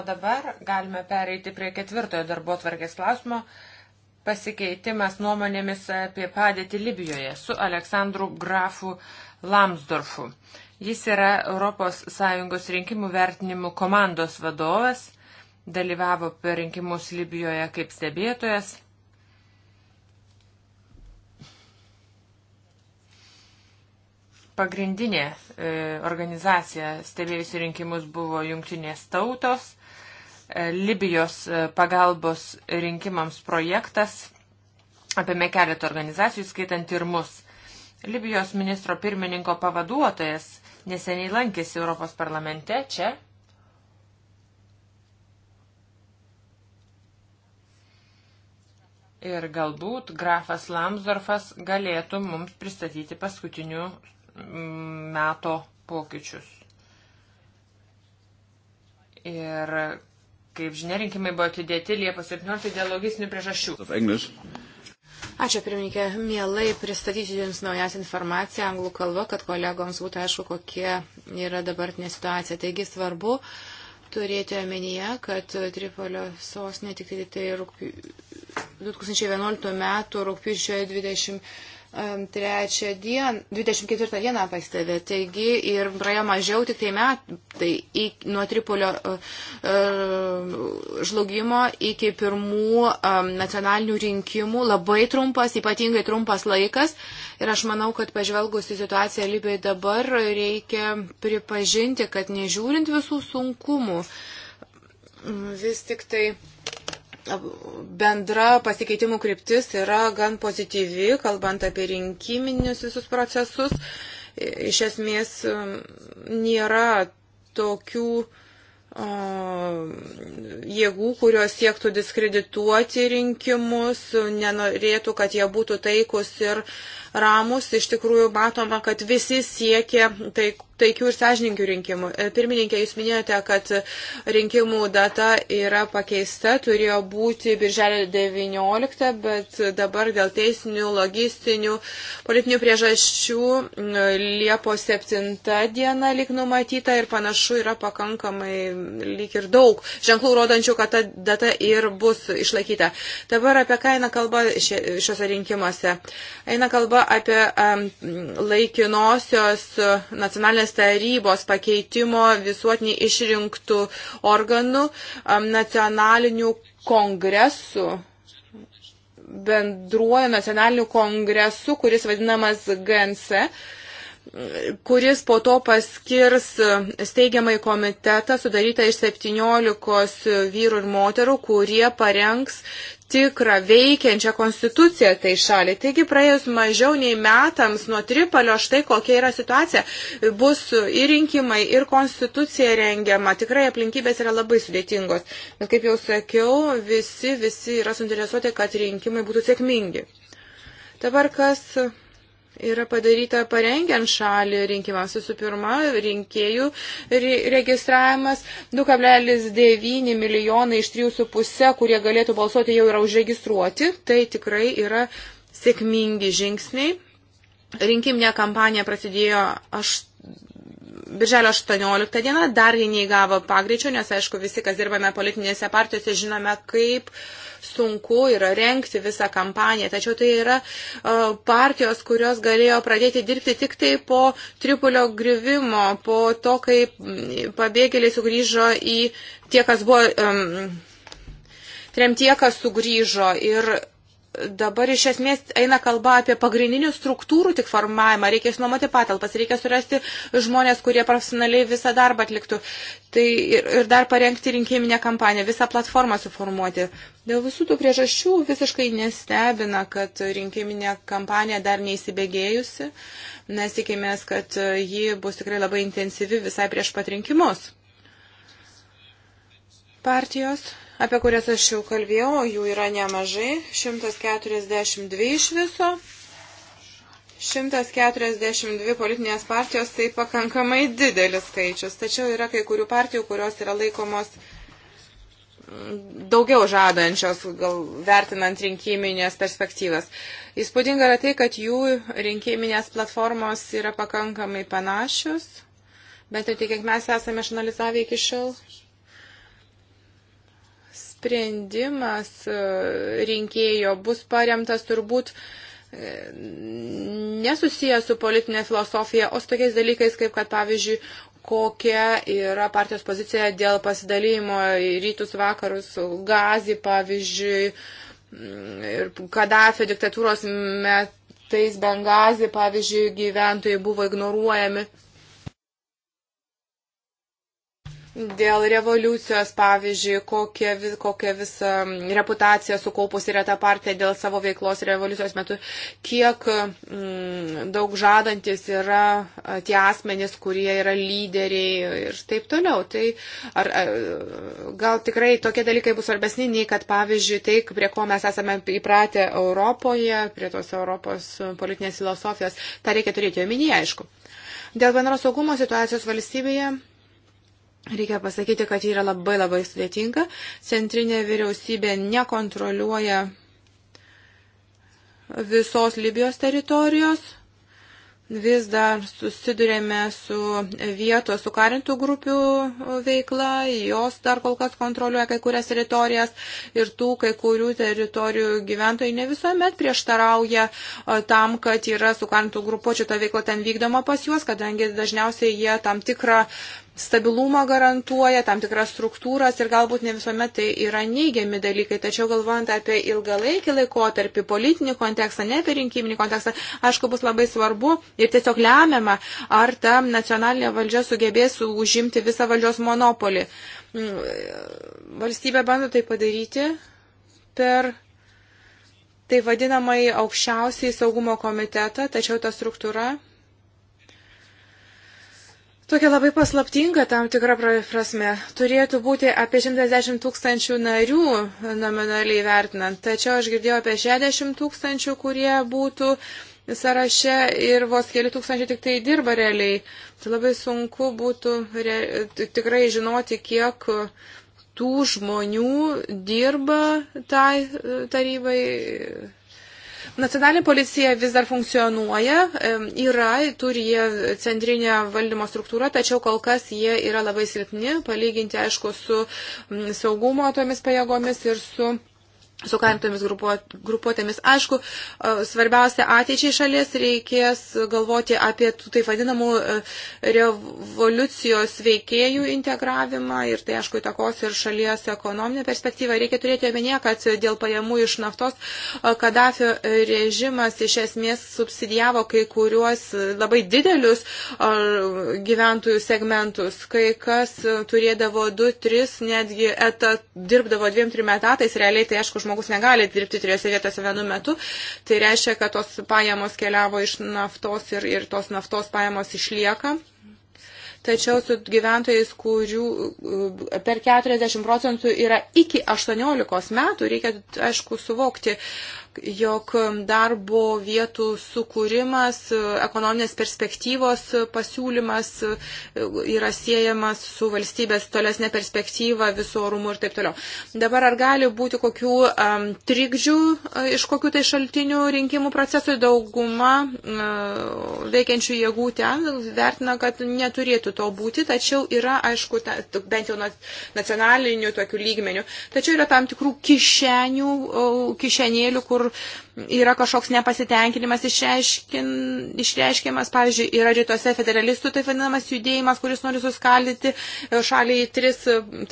O dabar galime pereiti prie ketvirtojo darbo tvarkės klausimo pasikeitimas nuomonėmis apie padėtį Libijoje su Aleksandru Grafu Lamsdorfu. Jis yra ES rinkimų vertinimų komandos vadovas, dalyvavo per rinkimus Libijoje kaip stebėtojas. Pagrindinė e, organizacija stebėjusi rinkimus buvo Junktinės tautos, e, Libijos e, pagalbos rinkimams projektas, apėmė keletą organizacijų, skaitant ir mus. Libijos ministro pirmininko pavaduotojas neseniai lankėsi Europos parlamente čia. Ir galbūt grafas Lamsdorfas galėtų mums pristatyti paskutinių mm, meto pokyčius. Ir, kaip žinia, rinkimai buvo atidėti Liepos 17 dėl logistinių priežasčių. Ačiū, pirmininkė. Mielai pristatysiu Jums naujas informaciją anglų kalba, kad kolegoms būtų aišku, kokie yra dabartinė situacija. Taigi svarbu turėti omenyje, kad Tripolio sostinė tik tai, tai rūpi, 2011 metų rūpiučio 20. 3 dien, 24 dieną pastebė, taigi ir praėjo mažiau tik tai metai nuo Tripolio e, e, žlugimo iki pirmų nacionalinių rinkimų, labai trumpas, ypatingai trumpas laikas ir aš manau, kad pažvelgus į situaciją Libijoje dabar reikia pripažinti, kad nežiūrint visų sunkumų, vis tik tai bendra pasikeitimų kryptis yra gan pozityvi, kalbant apie rinkiminius visus procesus. Iš esmės um, nėra tokių um, jėgų, kurios siektų diskredituoti rinkimus, nenorėtų, kad jie būtų taikus ir uh, ramus, iš tikrųjų matoma, kad visi siekia taik, taikių ir sąžininkių rinkimų. E, pirmininkė, jūs minėjote, kad rinkimų data yra pakeista, turėjo būti birželio 19, bet dabar dėl teisinių, logistinių, politinių priežasčių Liepos 7 diena lik numatyta ir panašu yra pakankamai lik ir daug ženklų rodančių, kad ta data ir bus išlaikyta. Dabar apie ką eina kalba šiuose rinkimuose? Eina kalba kalba apie um, laikinosios e, nacionalinės tarybos pakeitimo visuotinį išrinktų organų um, nacionalinių kongresų bendruoju nacionaliniu kongresu, kuris vadinamas GNC. Uh, kuris po to paskirs steigiamai komitetą sudarytą iš 17 vyrų ir moterų, kurie parengs tikrą veikiančią konstituciją tai šaliai. Taigi praėjus mažiau nei metams nuo Tripalio, štai kokia yra situacija. Bus ir rinkimai, ir konstitucija rengiama. Tikrai aplinkybės yra labai sudėtingos. Bet kaip jau sakiau, visi, visi yra suinteresuoti, kad rinkimai būtų sėkmingi. Dabar kas yra padaryta parengiant šalį rinkimams. Visų pirma, rinkėjų registravimas 2,9 milijonai iš 3,5, kurie galėtų balsuoti, jau yra užregistruoti. Tai tikrai yra sėkmingi žingsniai. Rinkiminė kampanija prasidėjo 8. Birželio 18 diena dar ji neįgavo pagreičio, nes aišku visi, kas dirbame politinėse partijose, žinome, kaip uh, sunku yra renkti visą kampaniją. Tačiau tai yra e, partijos, kurios galėjo pradėti dirbti tik tai po Tripolio grįvimo, po to, kai mm, pabėgėliai sugrįžo į tie, kas buvo. Um, Tremtie, kas sugrįžo ir dabar iš esmės eina kalba apie pagrindinių struktūrų tik formavimą. Reikia išnuomoti patalpas, reikia surasti žmonės, kurie profesionaliai visą darbą atliktų. Tai ir, ir dar parengti rinkiminę kampaniją, visą platformą suformuoti. Dėl visų tų priežasčių visiškai nestebina, kad rinkiminė kampanija dar neįsibėgėjusi. Mes tikimės, kad ji bus tikrai labai intensyvi visai prieš pat rinkimus. Partijos apie kurias aš jau kalbėjau, jų yra nemažai, 142 iš viso. 142 politinės partijos tai pakankamai didelis skaičius, tačiau yra kai kurių partijų, kurios yra laikomos daugiau žadančios, gal vertinant rinkiminės perspektyvas. Įspūdinga yra tai, kad jų rinkiminės platformos yra pakankamai panašios, bet tai kiek mes esame išanalizavę iki šiol, sprendimas e, rinkėjo bus paremtas turbūt e, nesusijęs su politinė filosofija, o su tokiais dalykais, kaip kad, pavyzdžiui, kokia yra partijos pozicija dėl pasidalymo į rytus vakarus, gazį, pavyzdžiui, ir Kadafio diktatūros metais Bengazį, pavyzdžiui, gyventojai buvo ignoruojami. Dėl revoliucijos, pavyzdžiui, kokia, kokia visa reputacija sukaupusi yra ta partija dėl savo veiklos revoliucijos metu, kiek mm, daug žadantis yra tie asmenys, kurie yra lyderiai ir taip toliau. Tai ar, ar, gal tikrai tokie dalykai bus svarbesni nei, kad, pavyzdžiui, tai, prie ko mes esame įpratę Europoje, prie tos Europos politinės filosofijos, tą reikia turėti omenyje, aišku. Dėl bendros saugumo situacijos valstybėje Reikia pasakyti, kad ji yra labai labai sudėtinga. Centrinė vyriausybė nekontroliuoja visos Libijos teritorijos. Vis dar susidurėme su vietos sukarintų grupių veikla, jos dar kol kas kontroliuoja kai kurias teritorijas ir tų kai kurių teritorijų gyventojai ne visuomet prieštarauja tam, kad yra sukarintų grupuočių ta veikla ten vykdoma pas juos, kadangi dažniausiai jie tam tikrą stabilumą garantuoja, tam tikras struktūras ir galbūt ne visuomet tai yra neigiami dalykai, tačiau galvojant apie ilgalaikį laikotarpį, politinį kontekstą, ne apie rinkiminį kontekstą, aišku, bus labai svarbu ir tiesiog lemiama, ar ta nacionalinė valdžia sugebės užimti visą valdžios monopolį. Mm, valstybė bando tai padaryti per tai vadinamai aukščiausiai saugumo komitetą, tačiau ta struktūra tokia labai paslaptinga tam tikra prasme. Turėtų būti apie 110 tūkstančių narių nominaliai vertinant, tačiau aš girdėjau apie 60 tūkstančių, kurie būtų sąraše ir vos keli tūkstančiai tik tai dirba realiai. Tai labai sunku būtų re, tikrai žinoti, kiek tų žmonių dirba tai e, tarybai Nacionalinė policija vis dar funkcionuoja, yra, turi jie centrinę valdymo struktūrą, tačiau kol kas jie yra labai silpni, palyginti, aišku, su saugumo tomis pajėgomis ir su su karintomis grupuotėmis. Aišku, e, svarbiausia ateičiai šalies reikės galvoti apie taip vadinamų e, revoliucijos veikėjų integravimą ir tai, aišku, įtakos ir šalies ekonominę perspektyvą. Reikia turėti omenyje, kad dėl pajamų iš naftos e, Kadafio režimas iš esmės subsidijavo kai kuriuos labai didelius gyventojų segmentus, kai kas turėdavo 2, 3, netgi etat, dirbdavo 2-3 etatais, realiai tai, aišku, žmogus negali dirbti trijose vietose vienu metu. Tai reiškia, kad tos pajamos keliavo iš naftos ir, ir tos naftos pajamos išlieka tačiau su gyventojais, kurių e, per 40 procentų yra iki 18 metų, reikia, aišku, suvokti, jog darbo vietų sukūrimas, ekonominės perspektyvos pasiūlymas yra siejamas su valstybės tolesnė perspektyva, viso orumu ir taip toliau. Dabar ar gali būti kokių um, trikdžių iš kokių tai šaltinių rinkimų procesui dauguma uh, veikiančių jėgų ten vertina, kad neturėtų to būti, tačiau yra, aišku, ta, bent jau nacionalinių tokių lygmenių, tačiau yra tam tikrų kišenių, kišenėlių, kur kur yra kažkoks nepasitenkinimas išreiškin, išreiškiamas. Pavyzdžiui, yra rytuose federalistų taip vadinamas judėjimas, kuris nori suskaldyti šaliai tris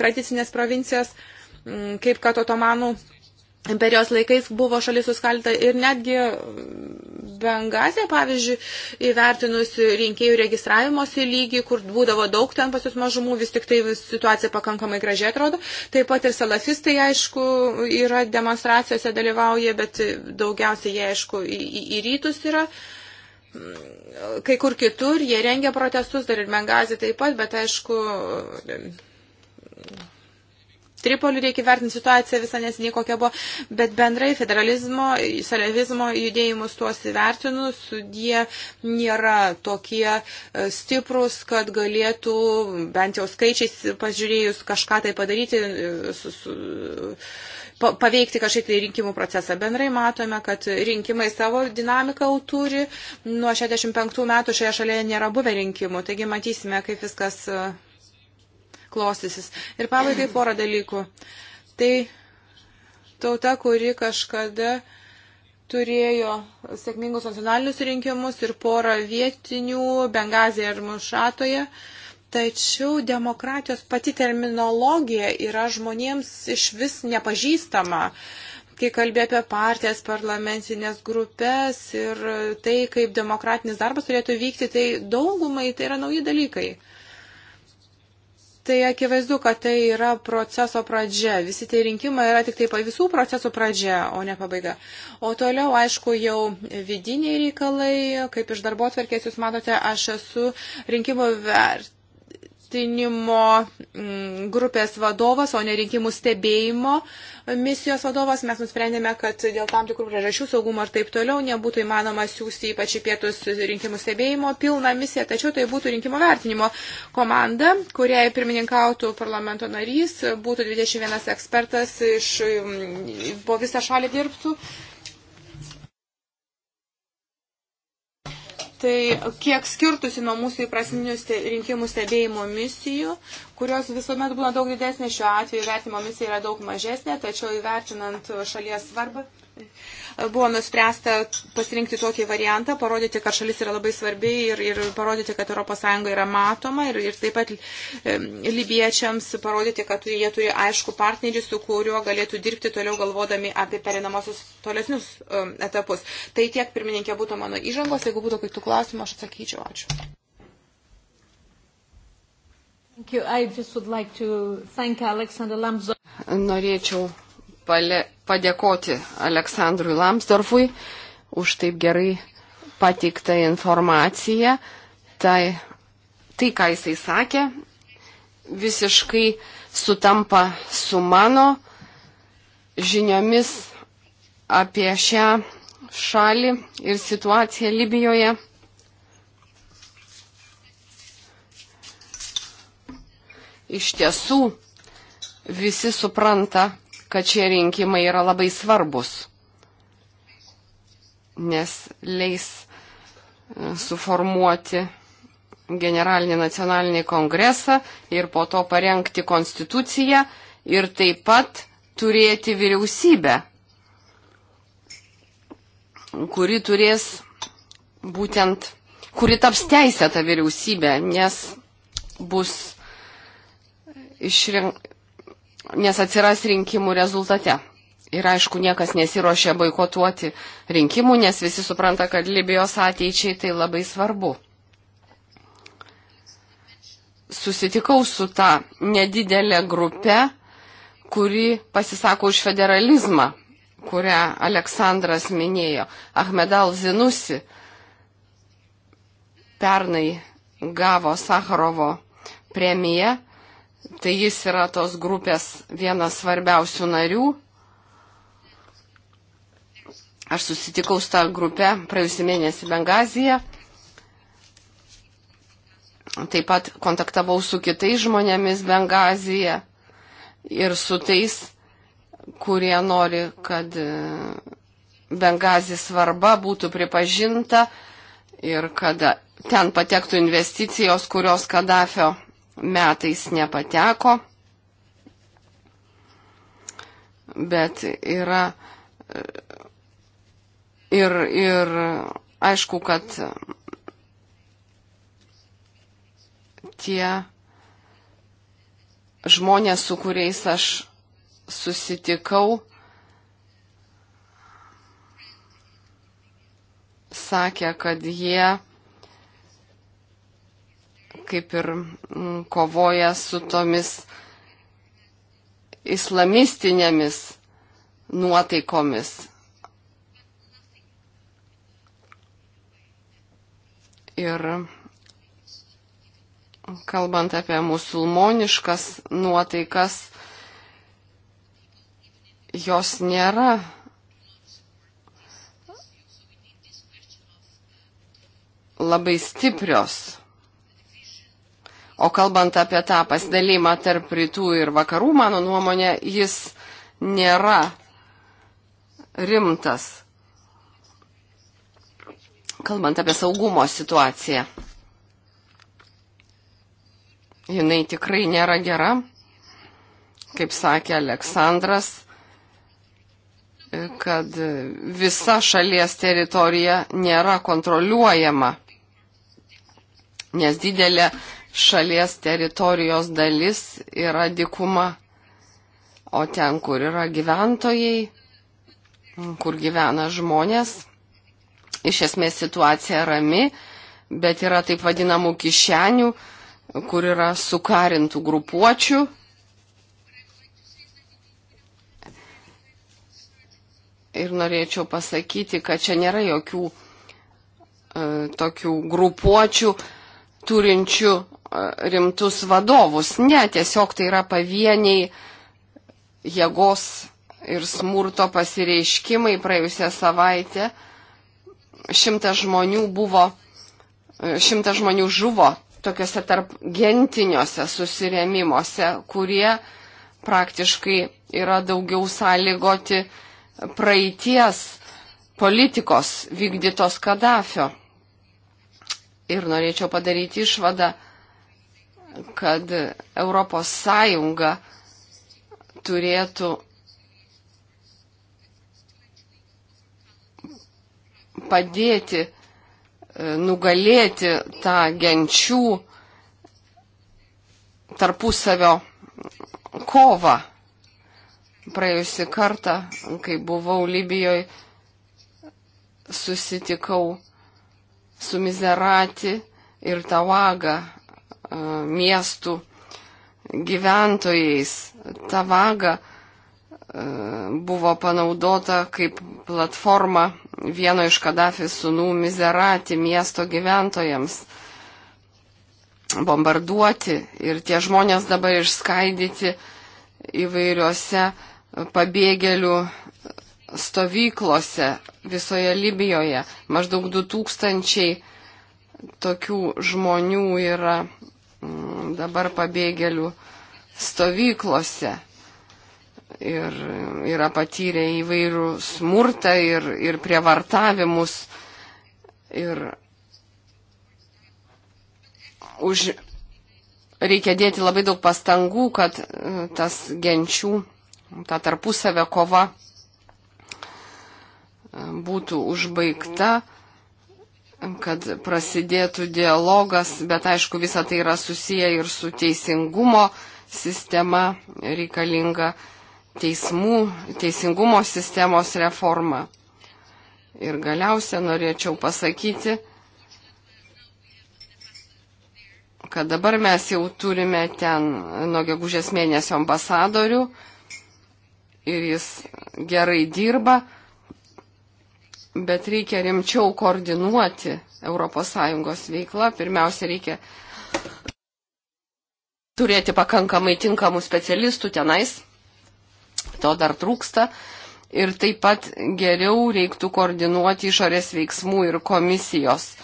tradicinės provincijos, mm, kaip kad otomanų imperijos laikais buvo šalis suskalta ir netgi Bengazija, pavyzdžiui, įvertinus rinkėjų registravimosi lygį, kur būdavo daug ten pas jūs mažumų, vis tik tai situacija pakankamai gražiai atrodo. Taip pat ir salafistai, aišku, yra demonstracijose dalyvauja, bet daugiausiai jie, aišku, į, į, į rytus yra. Kai kur kitur jie rengia protestus, dar ir Bengazija taip pat, bet aišku Tripolį reikia vertinti situaciją visą nesiniai kokia buvo, bet bendrai federalizmo, salevizmo judėjimus tuos įvertinu, sudie nėra tokie e, stiprus, kad galėtų bent jau skaičiais pažiūrėjus kažką tai padaryti, e, su, su, pa, paveikti kažkaip tai rinkimų procesą. Bendrai matome, kad rinkimai savo dinamiką turi. Nuo 65 metų šioje šalyje nėra buvę rinkimų, taigi matysime, kaip viskas e, klostysis. Ir pabaigai porą dalykų. Tai tauta, kuri kažkada turėjo sėkmingus nacionalinius rinkimus ir porą vietinių Bengazėje ir Mušatoje. Tačiau demokratijos pati terminologija yra žmonėms iš vis nepažįstama kai kalbė apie partijas, parlamentinės grupės ir tai, kaip demokratinis darbas turėtų vykti, tai daugumai tai yra nauji dalykai tai akivaizdu, kad tai yra proceso pradžia. Visi tie rinkimai yra tik tai visų procesų pradžia, o ne pabaiga. O toliau, aišku, jau vidiniai reikalai, kaip iš darbo atverkės jūs matote, aš esu rinkimų vert vertinimo mm, grupės vadovas, o ne rinkimų stebėjimo misijos vadovas. Mes nusprendėme, kad dėl tam tikrų priežasčių saugumo ir taip toliau nebūtų įmanoma siūsti ypač į pietus rinkimų stebėjimo pilną misiją, tačiau tai būtų rinkimų vertinimo komanda, kuriai pirmininkautų parlamento narys, būtų 21 ekspertas iš mm, po visą šalį dirbtų tai kiek skirtusi nuo mūsų įprasminių ste, rinkimų stebėjimo misijų, kurios visuomet būna daug didesnė, šiuo atveju įvertimo misija yra daug mažesnė, tačiau įvertinant šalies svarbą buvo nuspręsta pasirinkti tokį variantą, parodyti, kad šalis yra labai svarbi ir, ir parodyti, kad ES yra matoma ir, ir taip pat libiečiams parodyti, kad jie turi aišku partnerį, su kuriuo galėtų dirbti toliau galvodami apie perinamosius tolesnius um, etapus. Tai tiek, pirmininkė, būtų mano įžangos. Jeigu būtų kitų klausimų, aš atsakyčiau. Ačiū. Like Norėčiau pale, padėkoti Aleksandrui Lamsdorfui už taip gerai pateiktą informaciją. Tai, tai ką jisai sakė, visiškai sutampa su mano žiniomis apie šią šalį ir situaciją Libijoje. Iš tiesų, visi supranta, kad šie rinkimai yra labai svarbus, nes leis e, suformuoti generalinį nacionalinį kongresą ir po to parengti konstituciją ir taip pat turėti vyriausybę, kuri turės būtent, kuri taps teisėta vyriausybė, nes bus išrinkta nes atsiras rinkimų rezultate. Ir aišku, niekas nesiuošia boikotuoti rinkimų, nes visi supranta, kad Libijos ateičiai tai labai svarbu. Susitikau su ta nedidelė grupė, kuri pasisako už federalizmą, kurią Aleksandras minėjo. Ahmedal Zinusi pernai gavo Sakharovo premiją Tai jis yra tos grupės vienas svarbiausių narių. Aš susitikau su tą grupę praėjusį mėnesį Bengaziją. Taip pat kontaktavau su kitais žmonėmis Bengaziją ir su tais, kurie nori, kad e, Bengazi svarba būtų pripažinta ir kad ten patektų investicijos, kurios Kadafio metais nepateko, bet yra ir, ir aišku, kad tie žmonės, su kuriais aš susitikau, sakė, kad jie kaip ir mm, kovoja su tomis islamistinėmis nuotaikomis. Ir kalbant apie musulmoniškas nuotaikas, jos nėra. Labai stiprios. O kalbant apie tą pasidalymą tarp rytų ir vakarų, mano nuomonė, jis nėra rimtas. Kalbant apie saugumo situaciją. Jinai tikrai nėra gera, kaip sakė Aleksandras, kad visa šalies teritorija nėra kontroliuojama, nes didelė šalies teritorijos dalis yra dikuma, o ten, kur yra gyventojai, kur gyvena žmonės, iš esmės situacija rami, bet yra taip vadinamų kišenių, kur yra sukarintų grupuočių. Ir norėčiau pasakyti, kad čia nėra jokių e, tokių grupuočių turinčių rimtus vadovus. Ne, tiesiog tai yra pavieniai jėgos ir smurto pasireiškimai praėjusią savaitę. Šimtas žmonių buvo, e, šimtas žmonių žuvo tokiuose tarp gentiniuose susiremimuose, kurie praktiškai yra daugiau sąlygoti praeities politikos vykdytos Kadafio. Ir norėčiau padaryti išvadą, kad Europos Sąjunga turėtų padėti e, nugalėti tą genčių tarpusavio kovą. Praėjusi kartą, kai buvau Libijoje, susitikau su Mizerati ir Tavaga miestų gyventojais. Ta vaga buvo panaudota kaip platforma vieno iš Kadafis sunų mizerati miesto gyventojams bombarduoti ir tie žmonės dabar išskaidyti įvairiuose pabėgėlių stovyklose visoje Libijoje. Maždaug 2000 tokių žmonių yra Mm, dabar pabėgėlių stovyklose ir yra patyrę įvairių smurtą ir, ir prievartavimus ir už reikia dėti labai daug pastangų, kad e, tas genčių, ta tarpusavio kova e, būtų užbaigta. Mm kad prasidėtų dialogas, bet aišku, visa tai yra susiję ir su teisingumo sistema reikalinga teismų, teisingumo sistemos reforma. Ir galiausia norėčiau pasakyti, kad dabar mes jau turime ten nuo gegužės mėnesio ambasadorių ir jis gerai dirba bet reikia rimčiau koordinuoti ES veiklą. Pirmiausia, reikia turėti pakankamai tinkamų specialistų tenais. To dar trūksta. Ir taip pat geriau reiktų koordinuoti išorės veiksmų ir komisijos.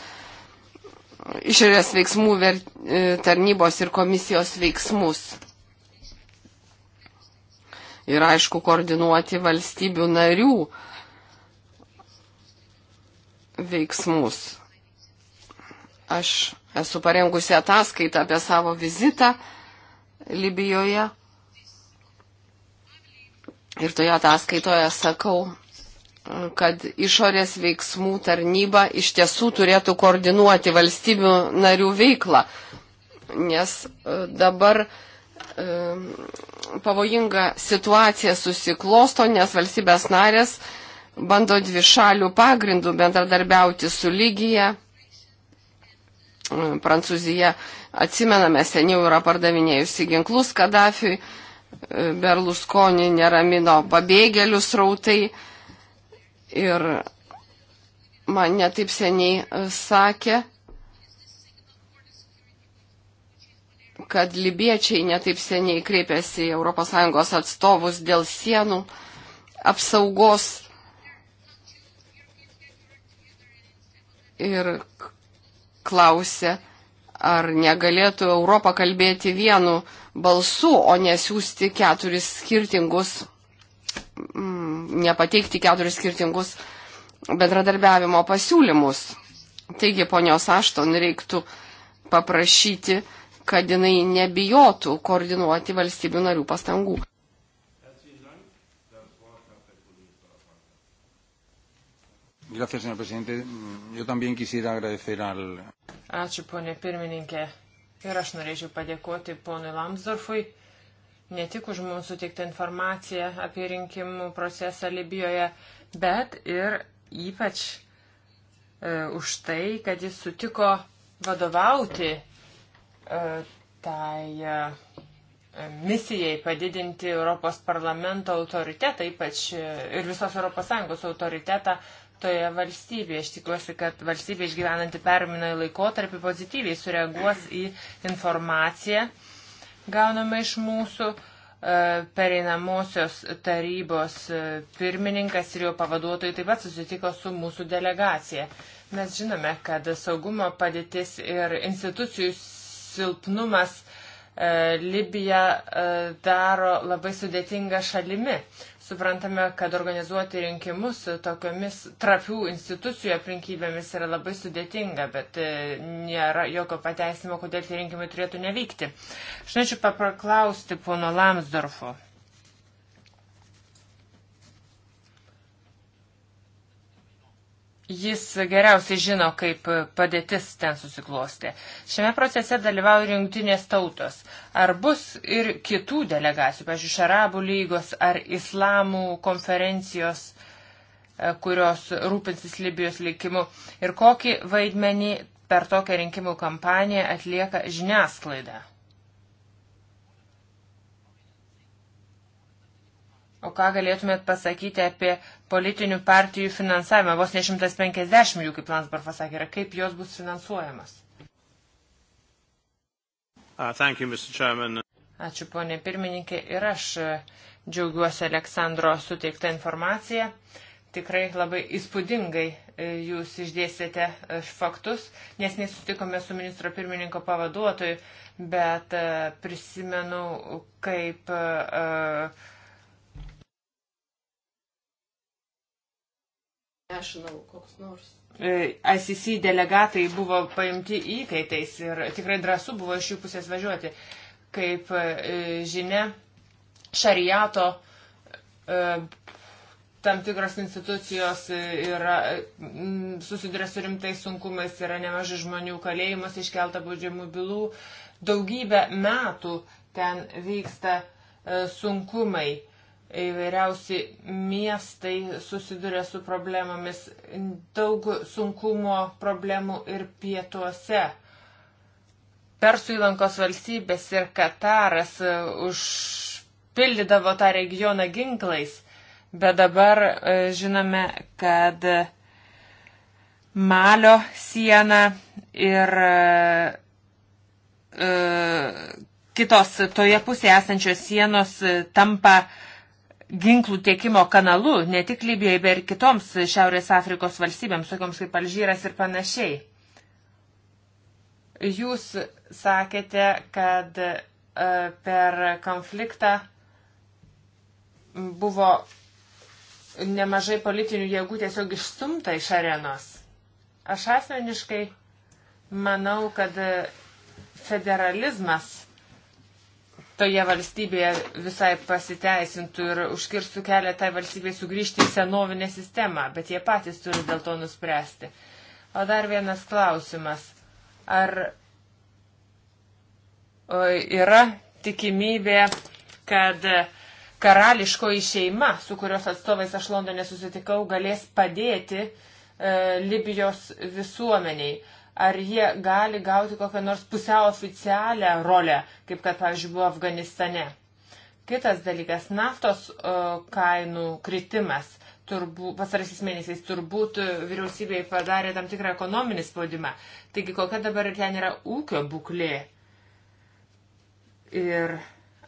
Išorės veiksmų ver, e, tarnybos ir komisijos veiksmus. Ir aišku, koordinuoti valstybių narių uh, veiksmus. Aš esu parengusi ataskaitą apie savo vizitą Libijoje. Ir toje ataskaitoje sakau, kad išorės veiksmų tarnyba iš tiesų turėtų koordinuoti valstybių narių veiklą, nes e, dabar e, pavojinga situacija susiklosto, nes valstybės narės e, bando dvi šalių pagrindų bendradarbiauti su lygija. Mm, Prancūzija, atsimename, seniau yra pardavinėjusi ginklus Kadafiui, e, Berlusconi neramino pabėgėlių srautai ir man netaip seniai e, sakė, kad libiečiai netaip seniai kreipėsi į ES atstovus dėl sienų apsaugos ir klausė, ar negalėtų Europą kalbėti vienu balsu, o nesiųsti keturis skirtingus, mm, nepateikti keturis skirtingus bendradarbiavimo pasiūlymus. Taigi, ponios Ašton, reiktų paprašyti, kad jinai nebijotų koordinuoti valstybių narių pastangų. Gracias, señor presidente. Yo también quisiera agradecer al. Ačiū, ponė pirmininkė. Ir aš norėčiau padėkoti ponui Lamsdorfui ne tik už mums suteiktą informaciją apie rinkimų procesą Libijoje, bet ir ypač e, už tai, kad jis sutiko vadovauti e, tai e, misijai padidinti Europos parlamento autoritetą, ypač e, ir visos ES autoritetą toje valstybėje. Aš tikiuosi, kad valstybė išgyvenanti perminojį laikotarpį pozityviai sureaguos į informaciją gaunamą iš mūsų. E, Pereinamosios tarybos e, pirmininkas ir jo pavaduotojai taip pat susitiko su mūsų delegacija. Mes žinome, kad saugumo padėtis ir institucijų silpnumas e, Libiją daro labai sudėtingą šalimi. Suprantame, kad organizuoti rinkimus tokiomis trapių institucijų aplinkybėmis yra labai sudėtinga, bet e, nėra jokio pateisimo, kodėl tie rinkimai turėtų nevykti. Aš norėčiau paklausti pono Lamsdorfo. Jis geriausiai žino, kaip padėtis ten susiklosti. Šiame procese dalyvauja jungtinės tautos. Ar bus ir kitų delegacijų, pažiūrėjau, Šarabų lygos ar Islamų konferencijos, e, kurios rūpinsis Libijos likimu ir kokį vaidmenį per tokią rinkimų kampaniją atlieka žiniasklaida? O ką galėtumėt pasakyti apie politinių partijų finansavimą? Vos ne 150 jų, kaip Lansbar pasakė, yra kaip jos bus finansuojamas? Uh, thank you, Mr. Chairman. Ačiū, ponė pirmininkė. Ir aš uh, džiaugiuosi Aleksandro suteiktą informaciją. Tikrai labai įspūdingai uh, jūs išdėstėte uh, faktus, nes nesutikome su ministro pirmininko pavaduotoju, bet prisimenu, kaip uh, National koks nors. E, ICC delegatai buvo paimti įkaitais ir tikrai drąsu buvo iš jų pusės važiuoti. Kaip e, žinia, šariato e, tam tikros institucijos yra, susiduria su rimtais sunkumais, yra nemažai žmonių kalėjimas iškelta baudžiamų bylų. Daugybę metų ten vyksta sunkumai įvairiausi miestai susiduria su problemomis, daug sunkumo problemų ir pietuose. Persų įlankos valstybės ir Kataras užpildydavo tą regioną ginklais, bet dabar e, žinome, kad Malio siena ir e, e kitos toje pusėje esančios sienos e, tampa e, ginklų tiekimo kanalu, ne tik Libijai, bet ir kitoms Šiaurės Afrikos valstybėms, tokioms kaip Alžyras ir panašiai. Jūs sakėte, kad e, per konfliktą buvo nemažai politinių jėgų tiesiog išstumta iš arenos. Aš asmeniškai manau, kad federalizmas toje valstybėje visai pasiteisintų ir užkirstų kelią tai valstybei sugrįžti į senovinę sistemą, bet jie patys turi dėl to nuspręsti. O dar vienas klausimas. Ar yra tikimybė, kad karališkoji šeima, su kurios atstovais aš Londone susitikau, galės padėti e, Libijos visuomeniai? ar jie gali gauti kokią nors pusiau oficialią rolę, kaip kad, pavyzdžiui, buvo Afganistane. Kitas dalykas - naftos kainų kritimas. Pasarasis mėnesiais turbūt vyriausybei padarė tam tikrą ekonominį spaudimą. Taigi kokia dabar ir ten yra ūkio būklė. Ir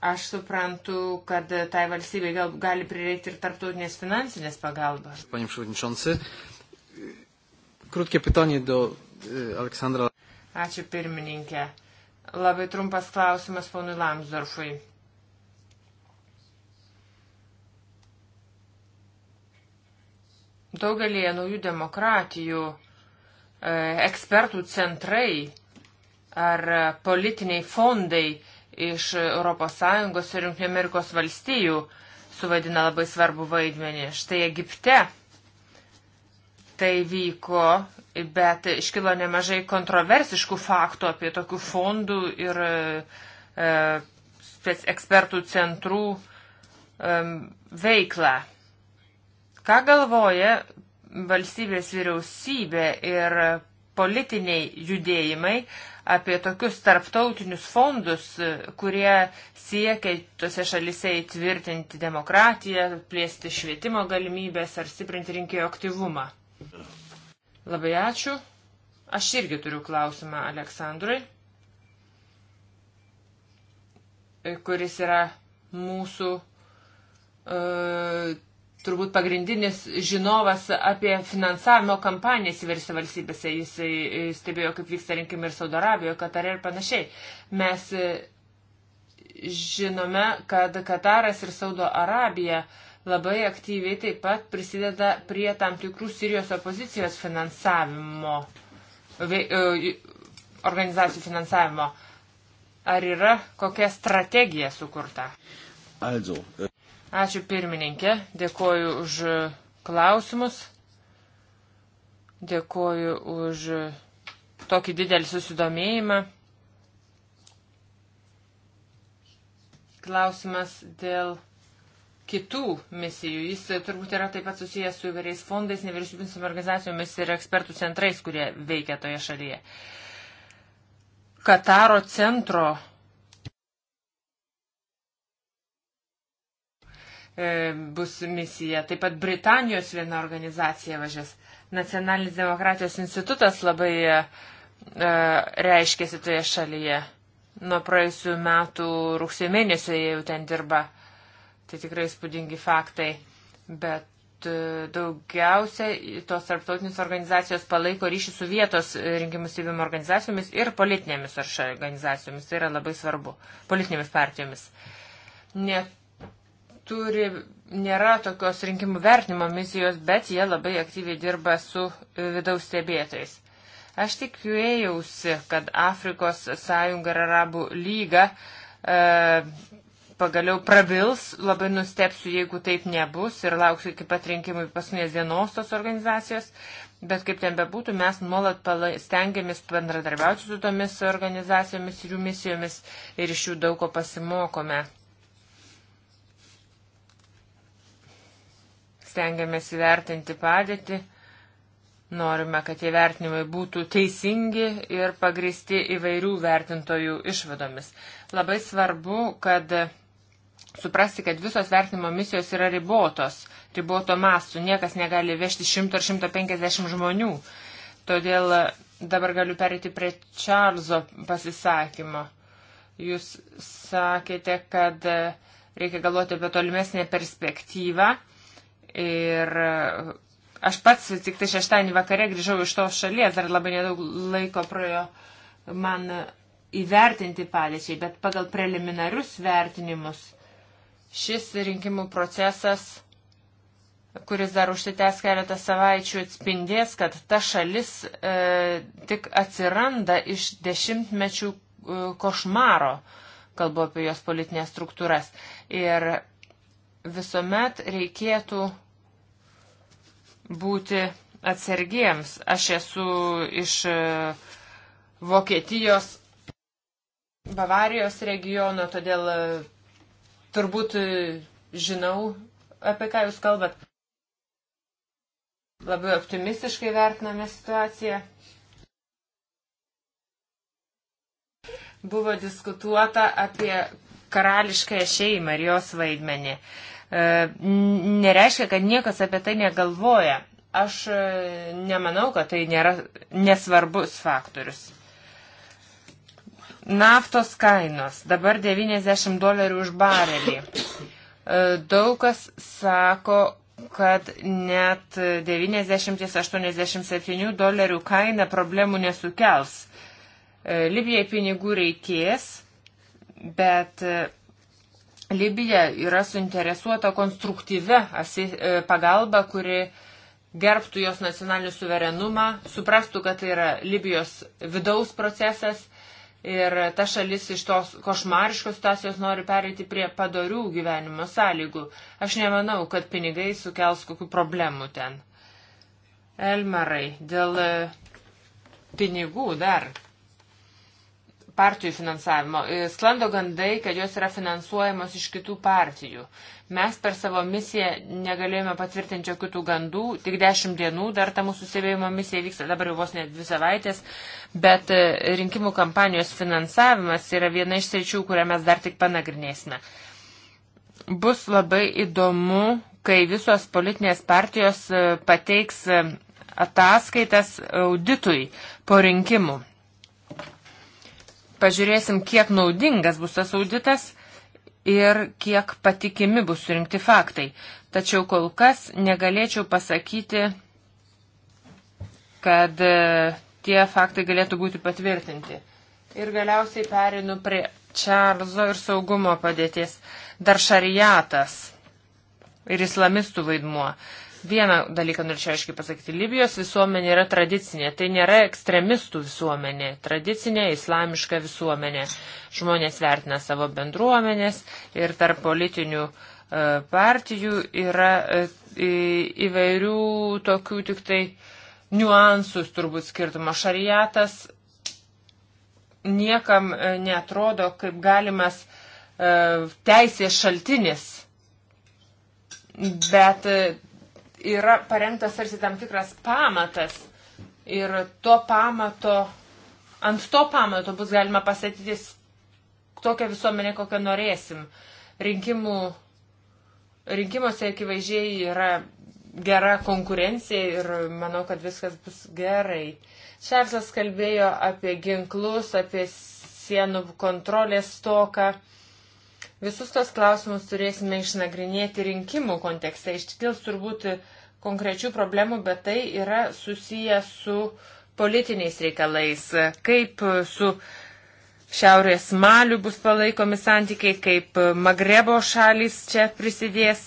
aš suprantu, kad tai valstybei gal, gali prireikti ir tarptautinės finansinės pagalbos. Panie Przewodniczący, krótkie pytanie do Aleksandra. Ačiū pirmininkė. Labai trumpas klausimas ponui Lamsdorfui. Daugelėje naujų demokratijų e, ekspertų centrai ar politiniai fondai iš ES ir JAV suvadina labai svarbu vaidmenį. Štai Egipte tai vyko bet iškilo nemažai kontroversiškų faktų apie tokių fondų ir e, e ekspertų centrų e, veiklą. Ką galvoja valstybės vyriausybė ir politiniai judėjimai apie tokius tarptautinius fondus, kurie siekia tose šalise įtvirtinti demokratiją, plėsti švietimo galimybės ar stiprinti rinkėjo aktyvumą? Labai ačiū. Aš irgi turiu klausimą Aleksandrui, kuris yra mūsų e, turbūt pagrindinis žinovas apie finansavimo kampanijas įvairiose valstybėse. Jis stebėjo, kaip vyksta rinkimai ir Saudo Arabijoje, Katare ir panašiai. Mes e, žinome, kad Kataras ir Saudo Arabija labai aktyviai taip pat prisideda prie tam tikrų Sirijos opozicijos finansavimo, e, organizacijų finansavimo. Ar yra kokia strategija sukurta? Also, uh... Ačiū pirmininkė, dėkoju už klausimus, dėkoju už tokį didelį susidomėjimą. Klausimas dėl kitų misijų. Jis turbūt yra taip pat susijęs su įvairiais fondais, nevyriausybinėmis organizacijomis ir ekspertų centrais, kurie veikia toje šalyje. Kataro centro e, bus misija. Taip pat Britanijos viena organizacija važias. Nacionalinis demokratijos institutas labai e, e, reiškėsi toje šalyje. Nuo praėjusių metų rugsėjo mėnesio jie jau ten dirba. Tai tikrai spūdingi faktai. Bet e, daugiausia tos tarptautinės organizacijos palaiko ryšį su vietos rinkimų stebėjimo organizacijomis ir politinėmis arša organizacijomis. Tai yra labai svarbu. Politinėmis partijomis. Neturi, nėra tokios rinkimų vertinimo misijos, bet jie labai aktyviai dirba su e, vidaus stebėtais. Aš tik juėjausi, kad Afrikos sąjunga ir Arabų lyga e, pagaliau prabils, labai nustepsiu, jeigu taip nebus ir lauksiu iki pat rinkimų paskutinės dienos tos organizacijos, bet kaip ten bebūtų, mes nuolat stengiamės bendradarbiauti su tomis organizacijomis ir jų misijomis ir iš jų daug ko pasimokome. Stengiamės įvertinti padėtį. Norime, kad tie vertinimai būtų teisingi ir pagristi įvairių vertintojų išvadomis. Labai svarbu, kad suprasti, kad visos vertinimo misijos yra ribotos, riboto mastų, niekas negali vežti 100 ar 150 žmonių. Todėl e, dabar galiu perėti prie Čarlzo pasisakymo. Jūs sakėte, kad e, reikia galvoti apie tolimesnę perspektyvą ir e, aš pats tik tai šeštąjį vakare grįžau iš tos šalies, dar labai nedaug laiko praėjo man įvertinti padėčiai, bet pagal preliminarius vertinimus Šis rinkimų procesas, kuris dar užsitęs keletą savaičių, atspindės, kad ta šalis e, tik atsiranda iš dešimtmečių e, košmaro, kalbu apie jos politinės struktūras. Ir visuomet reikėtų būti atsargiems. Aš esu iš e, Vokietijos, Bavarijos regiono, todėl e, turbūt e, žinau, apie ką jūs kalbat. Labai optimistiškai vertiname situaciją. Buvo diskutuota apie karališkąją šeimą ir jos vaidmenį. E, nereiškia, kad niekas apie tai negalvoja. Aš e, nemanau, kad tai nėra nesvarbus faktorius. Naftos kainos dabar 90 dolerių už barelį. E, daug kas sako, kad net 90-87 dolerių kaina problemų nesukels. E, Libijai pinigų reikės, bet e, Libija yra suinteresuota konstruktyve pagalba, kuri gerbtų jos nacionalinį suverenumą, suprastų, kad tai yra Libijos vidaus procesas ir ta šalis iš tos košmariškos situacijos nori pereiti prie padorių gyvenimo sąlygų. Aš nemanau, kad pinigai sukels kokių problemų ten. Elmarai, dėl e, pinigų dar partijų finansavimo. E, sklando gandai, kad jos yra finansuojamos iš kitų partijų. Mes per savo misiją negalėjome patvirtinti jokių tų gandų, tik dešimt dienų dar ta mūsų stebėjimo misija vyksta, dabar jau vos net dvi savaitės, bet e, rinkimų kampanijos finansavimas yra viena iš sričių, kurią mes dar tik panagrinėsime. Bus labai įdomu, kai visos politinės partijos e, pateiks ataskaitas auditui po rinkimų Pažiūrėsim, kiek naudingas bus tas auditas ir kiek patikimi bus surinkti faktai. Tačiau kol kas negalėčiau pasakyti, kad e, tie faktai galėtų būti patvirtinti. Ir galiausiai perinu prie Čarlzo ir saugumo padėties. Dar šariatas ir islamistų vaidmuo. Vieną dalyką norėčiau aiškiai pasakyti. Libijos visuomenė yra tradicinė. Tai nėra ekstremistų visuomenė. Tradicinė islamiška visuomenė. Žmonės vertina savo bendruomenės ir tarp politinių e, partijų yra e, įvairių tokių tik tai niuansus turbūt skirtumo. Šariatas niekam e, netrodo kaip galimas teisės šaltinis. Bet yra parengtas tarsi tam tikras pamatas ir to pamato, ant to pamato bus galima pasakyti tokią visuomenę, kokią norėsim. Rinkimų, rinkimuose akivaizdžiai yra gera konkurencija ir manau, kad viskas bus gerai. Šarsas kalbėjo apie ginklus, apie sienų kontrolės stoką. Visus tos klausimus turėsime išnagrinėti rinkimų kontekste. Ištikils turbūt konkrečių problemų, bet tai yra susiję su politiniais reikalais. Kaip su Šiaurės Maliu bus palaikomi santykiai, kaip Magrebo šalis čia prisidės.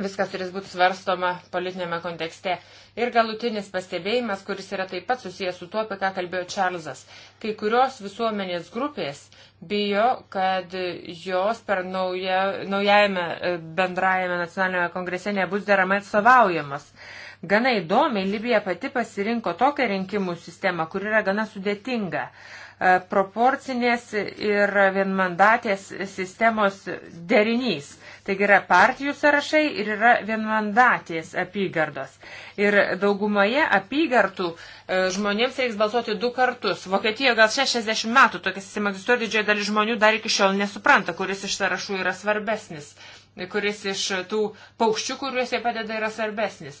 Viskas turės būti svarstoma politinėme kontekste. Ir galutinis pastebėjimas, kuris yra taip pat susijęs su tuo, apie ką kalbėjo Čarlzas. Kai kurios visuomenės grupės bijo, kad jos per nauja, naujajame e, bendrajame nacionalinėme kongrese nebus deramai atstovaujamas. Gana įdomiai, Libija pati pasirinko tokią rinkimų sistemą, kur yra gana sudėtinga. E, proporcinės ir vienmandatės sistemos derinys. Taigi yra partijų sąrašai ir yra vienmandatės apygardos. Ir daugumoje apygardų e, žmonėms reiks balsuoti du kartus. Vokietijoje gal 60 metų tokia sistema egzistuoja, didžioji dalis žmonių dar iki šiol nesupranta, kuris iš sąrašų yra svarbesnis, kuris iš tų paukščių, kuriuos jie padeda, yra svarbesnis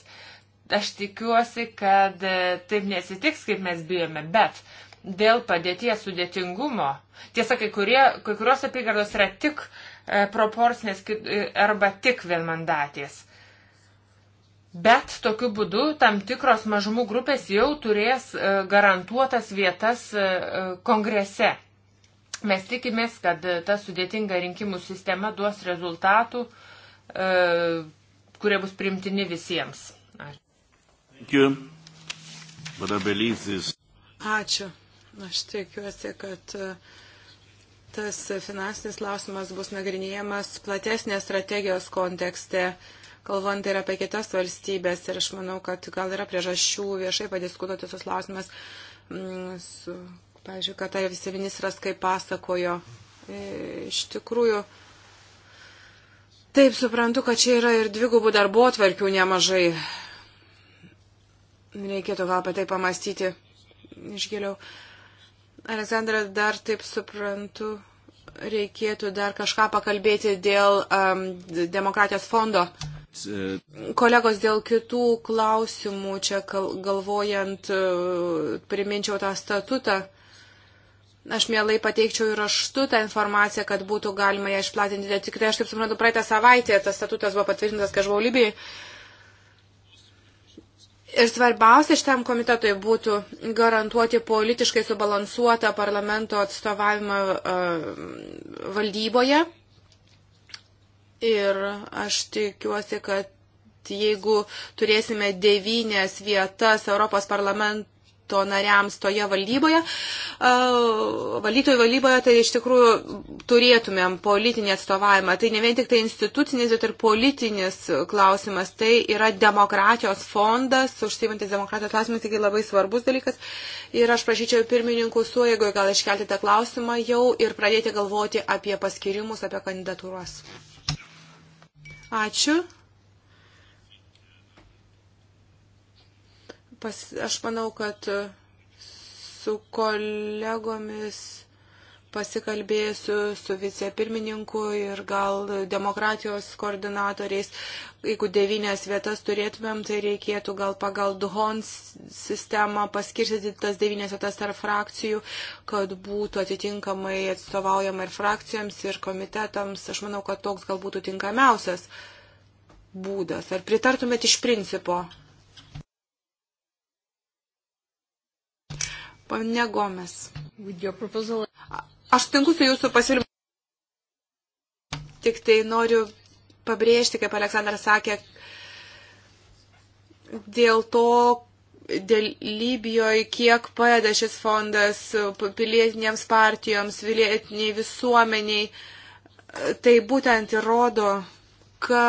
aš tikiuosi, kad e, taip nesitiks, kaip mes bijome, bet dėl padėties sudėtingumo. Tiesa, kai, kurie, kai kurios apygardos yra tik e, proporcinės e, arba tik vienmandatės. Bet tokiu būdu tam tikros mažumų grupės jau turės e, garantuotas vietas e, e kongrese. Mes tikimės, kad e, ta sudėtinga rinkimų sistema duos rezultatų, e, kurie bus primtini visiems. Ačiū. Ačiū. Aš tikiuosi, kad e, tas finansinis klausimas bus nagrinėjamas platesnės strategijos kontekste, kalbant ir apie kitas valstybės. Ir aš manau, kad gal yra priežasčių viešai padiskutuoti tos klausimas mm, su, pažiūrėjau, kad tai viceministras kaip pasakojo. E, iš tikrųjų, taip suprantu, kad čia yra ir dvigubų darbo atvarkių nemažai. Reikėtų gal apie tai pamastyti iš giliau. Aleksandra, dar taip suprantu, reikėtų dar kažką pakalbėti dėl um, demokratijos fondo. Kolegos, dėl kitų klausimų, čia galvojant, uh, priminčiau tą statutą. Aš mielai pateikčiau ir raštu tą informaciją, kad būtų galima ją išplatinti. Tikrai, aš kaip suprantu, praeitą savaitę tas statutas buvo patvirtintas, kai aš buvau Libijai. Ir svarbiausia šitam komitetui būtų garantuoti politiškai subalansuotą parlamento atstovavimą e, valdyboje. Ir aš tikiuosi, kad jeigu turėsime devynės vietas Europos parlamento komiteto nariams toje valdyboje, valdytojų valdyboje, tai iš tikrųjų turėtumėm politinį atstovavimą. Tai ne vien tik tai institucinis, bet ir politinis klausimas. Tai yra demokratijos fondas, užsivantis demokratijos klausimas, taigi labai svarbus dalykas. Ir aš prašyčiau pirmininkų suėgoje gal iškelti tą klausimą jau ir pradėti galvoti apie paskirimus, apie kandidatūros. Ačiū. Pas, aš manau, kad su kolegomis pasikalbėsiu su vicepirmininku ir gal demokratijos koordinatoriais. Jeigu devynės vietas turėtumėm, tai reikėtų gal pagal DHON sistemą paskirstyti tas devynės vietas tarp frakcijų, kad būtų atitinkamai atstovaujama ir frakcijoms, ir komitetams. Aš manau, kad toks gal būtų tinkamiausias būdas. Ar pritartumėt iš principo? Pane Gomes. Aš tinku su jūsų pasiūlymu. Tik tai noriu pabrėžti, kaip Aleksandras sakė, dėl to, dėl Libijoje, kiek padeda šis fondas pilietinėms partijoms, pilietiniai visuomeniai, tai būtent įrodo, ką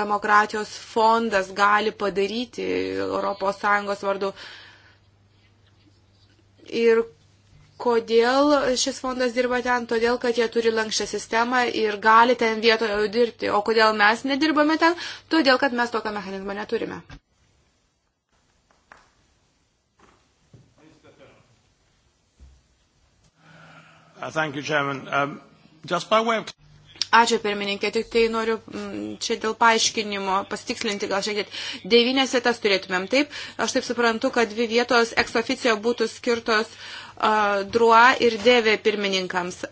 demokratijos fondas gali padaryti ES vardu. Ir kodėl šis fondas dirba ten? Todėl, kad jie turi lankščią sistemą ir gali ten vietoje dirbti. O kodėl mes nedirbame ten? Todėl, kad mes tokio mechanizmo neturime. Uh, thank you, Chairman. Um, just by way of... Ačiū pirmininkė, tik tai noriu mm, čia dėl paaiškinimo pasitikslinti gal šiek tiek. Devynės vietas turėtumėm, taip? Aš taip suprantu, kad dvi vietos eksoficijo būtų skirtos uh, DRUA ir DV pirmininkams.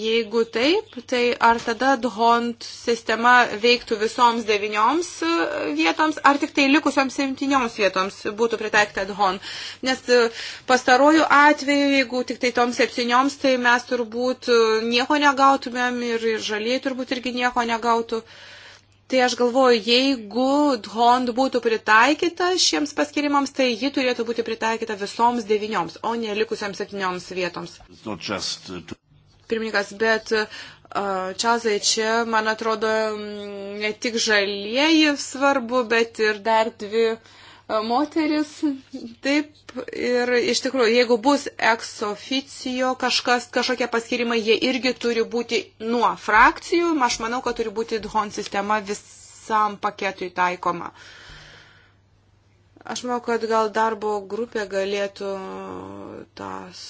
Jeigu taip, tai ar tada DHONT sistema veiktų visoms devinioms vietoms, ar tik tai likusioms septynioms vietoms būtų pritaikyta DHON? Nes e, pastaruoju atveju, jeigu tik tai toms septynioms, tai mes turbūt nieko negautumėm ir žaliai turbūt irgi nieko negautų. Uh, Tai aš galvoju, jeigu Hond būtų pritaikyta šiems paskirimams, tai ji turėtų būti pritaikyta visoms devinioms, o ne likusiams septynioms vietoms. Uh, Pirmininkas, bet uh, Čazai čia, man atrodo, mm, ne tik žalieji svarbu, bet ir dar dvi uh, moteris. Taip, ir iš tikrųjų, jeigu bus ex officio kažkas, kažkokie paskirimai, jie irgi turi būti nuo frakcijų. Aš manau, kad turi būti DHON sistema visam paketui taikoma. Aš manau, kad gal darbo grupė galėtų tas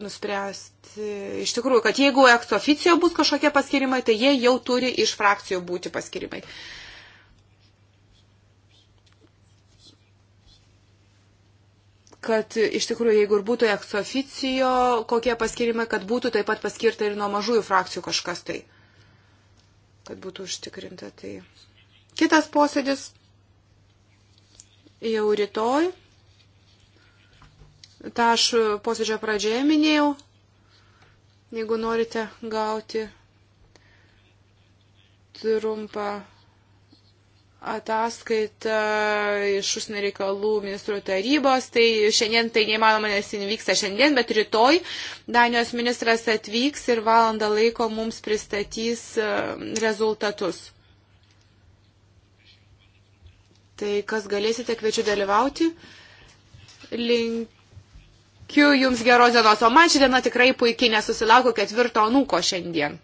nuspręsti. Iš tikrųjų, kad jeigu ex officio bus kažkokie paskirimai, tai jie jau turi iš frakcijų būti paskirimai. Uh, kad iš tikrųjų, jeigu ir būtų eksoficijo kokie paskirimai, kad būtų taip pat paskirta ir nuo mažųjų frakcijų kažkas tai. Kad būtų užtikrinta tai. Kitas posėdis jau rytoj. Ta aš posėdžio pradžioje minėjau. Jeigu norite gauti trumpą ataskaita iš užsienio reikalų ministrų tarybos. Tai šiandien tai neįmanoma, nes jis vyksta šiandien, bet rytoj Danijos ministras atvyks ir valandą laiko mums pristatys e, rezultatus. Tai kas galėsite, kviečiu dalyvauti. Linkiu Jums geros dienos, o man ši diena tikrai puikiai nesusilaukiu ketvirto nūko šiandien.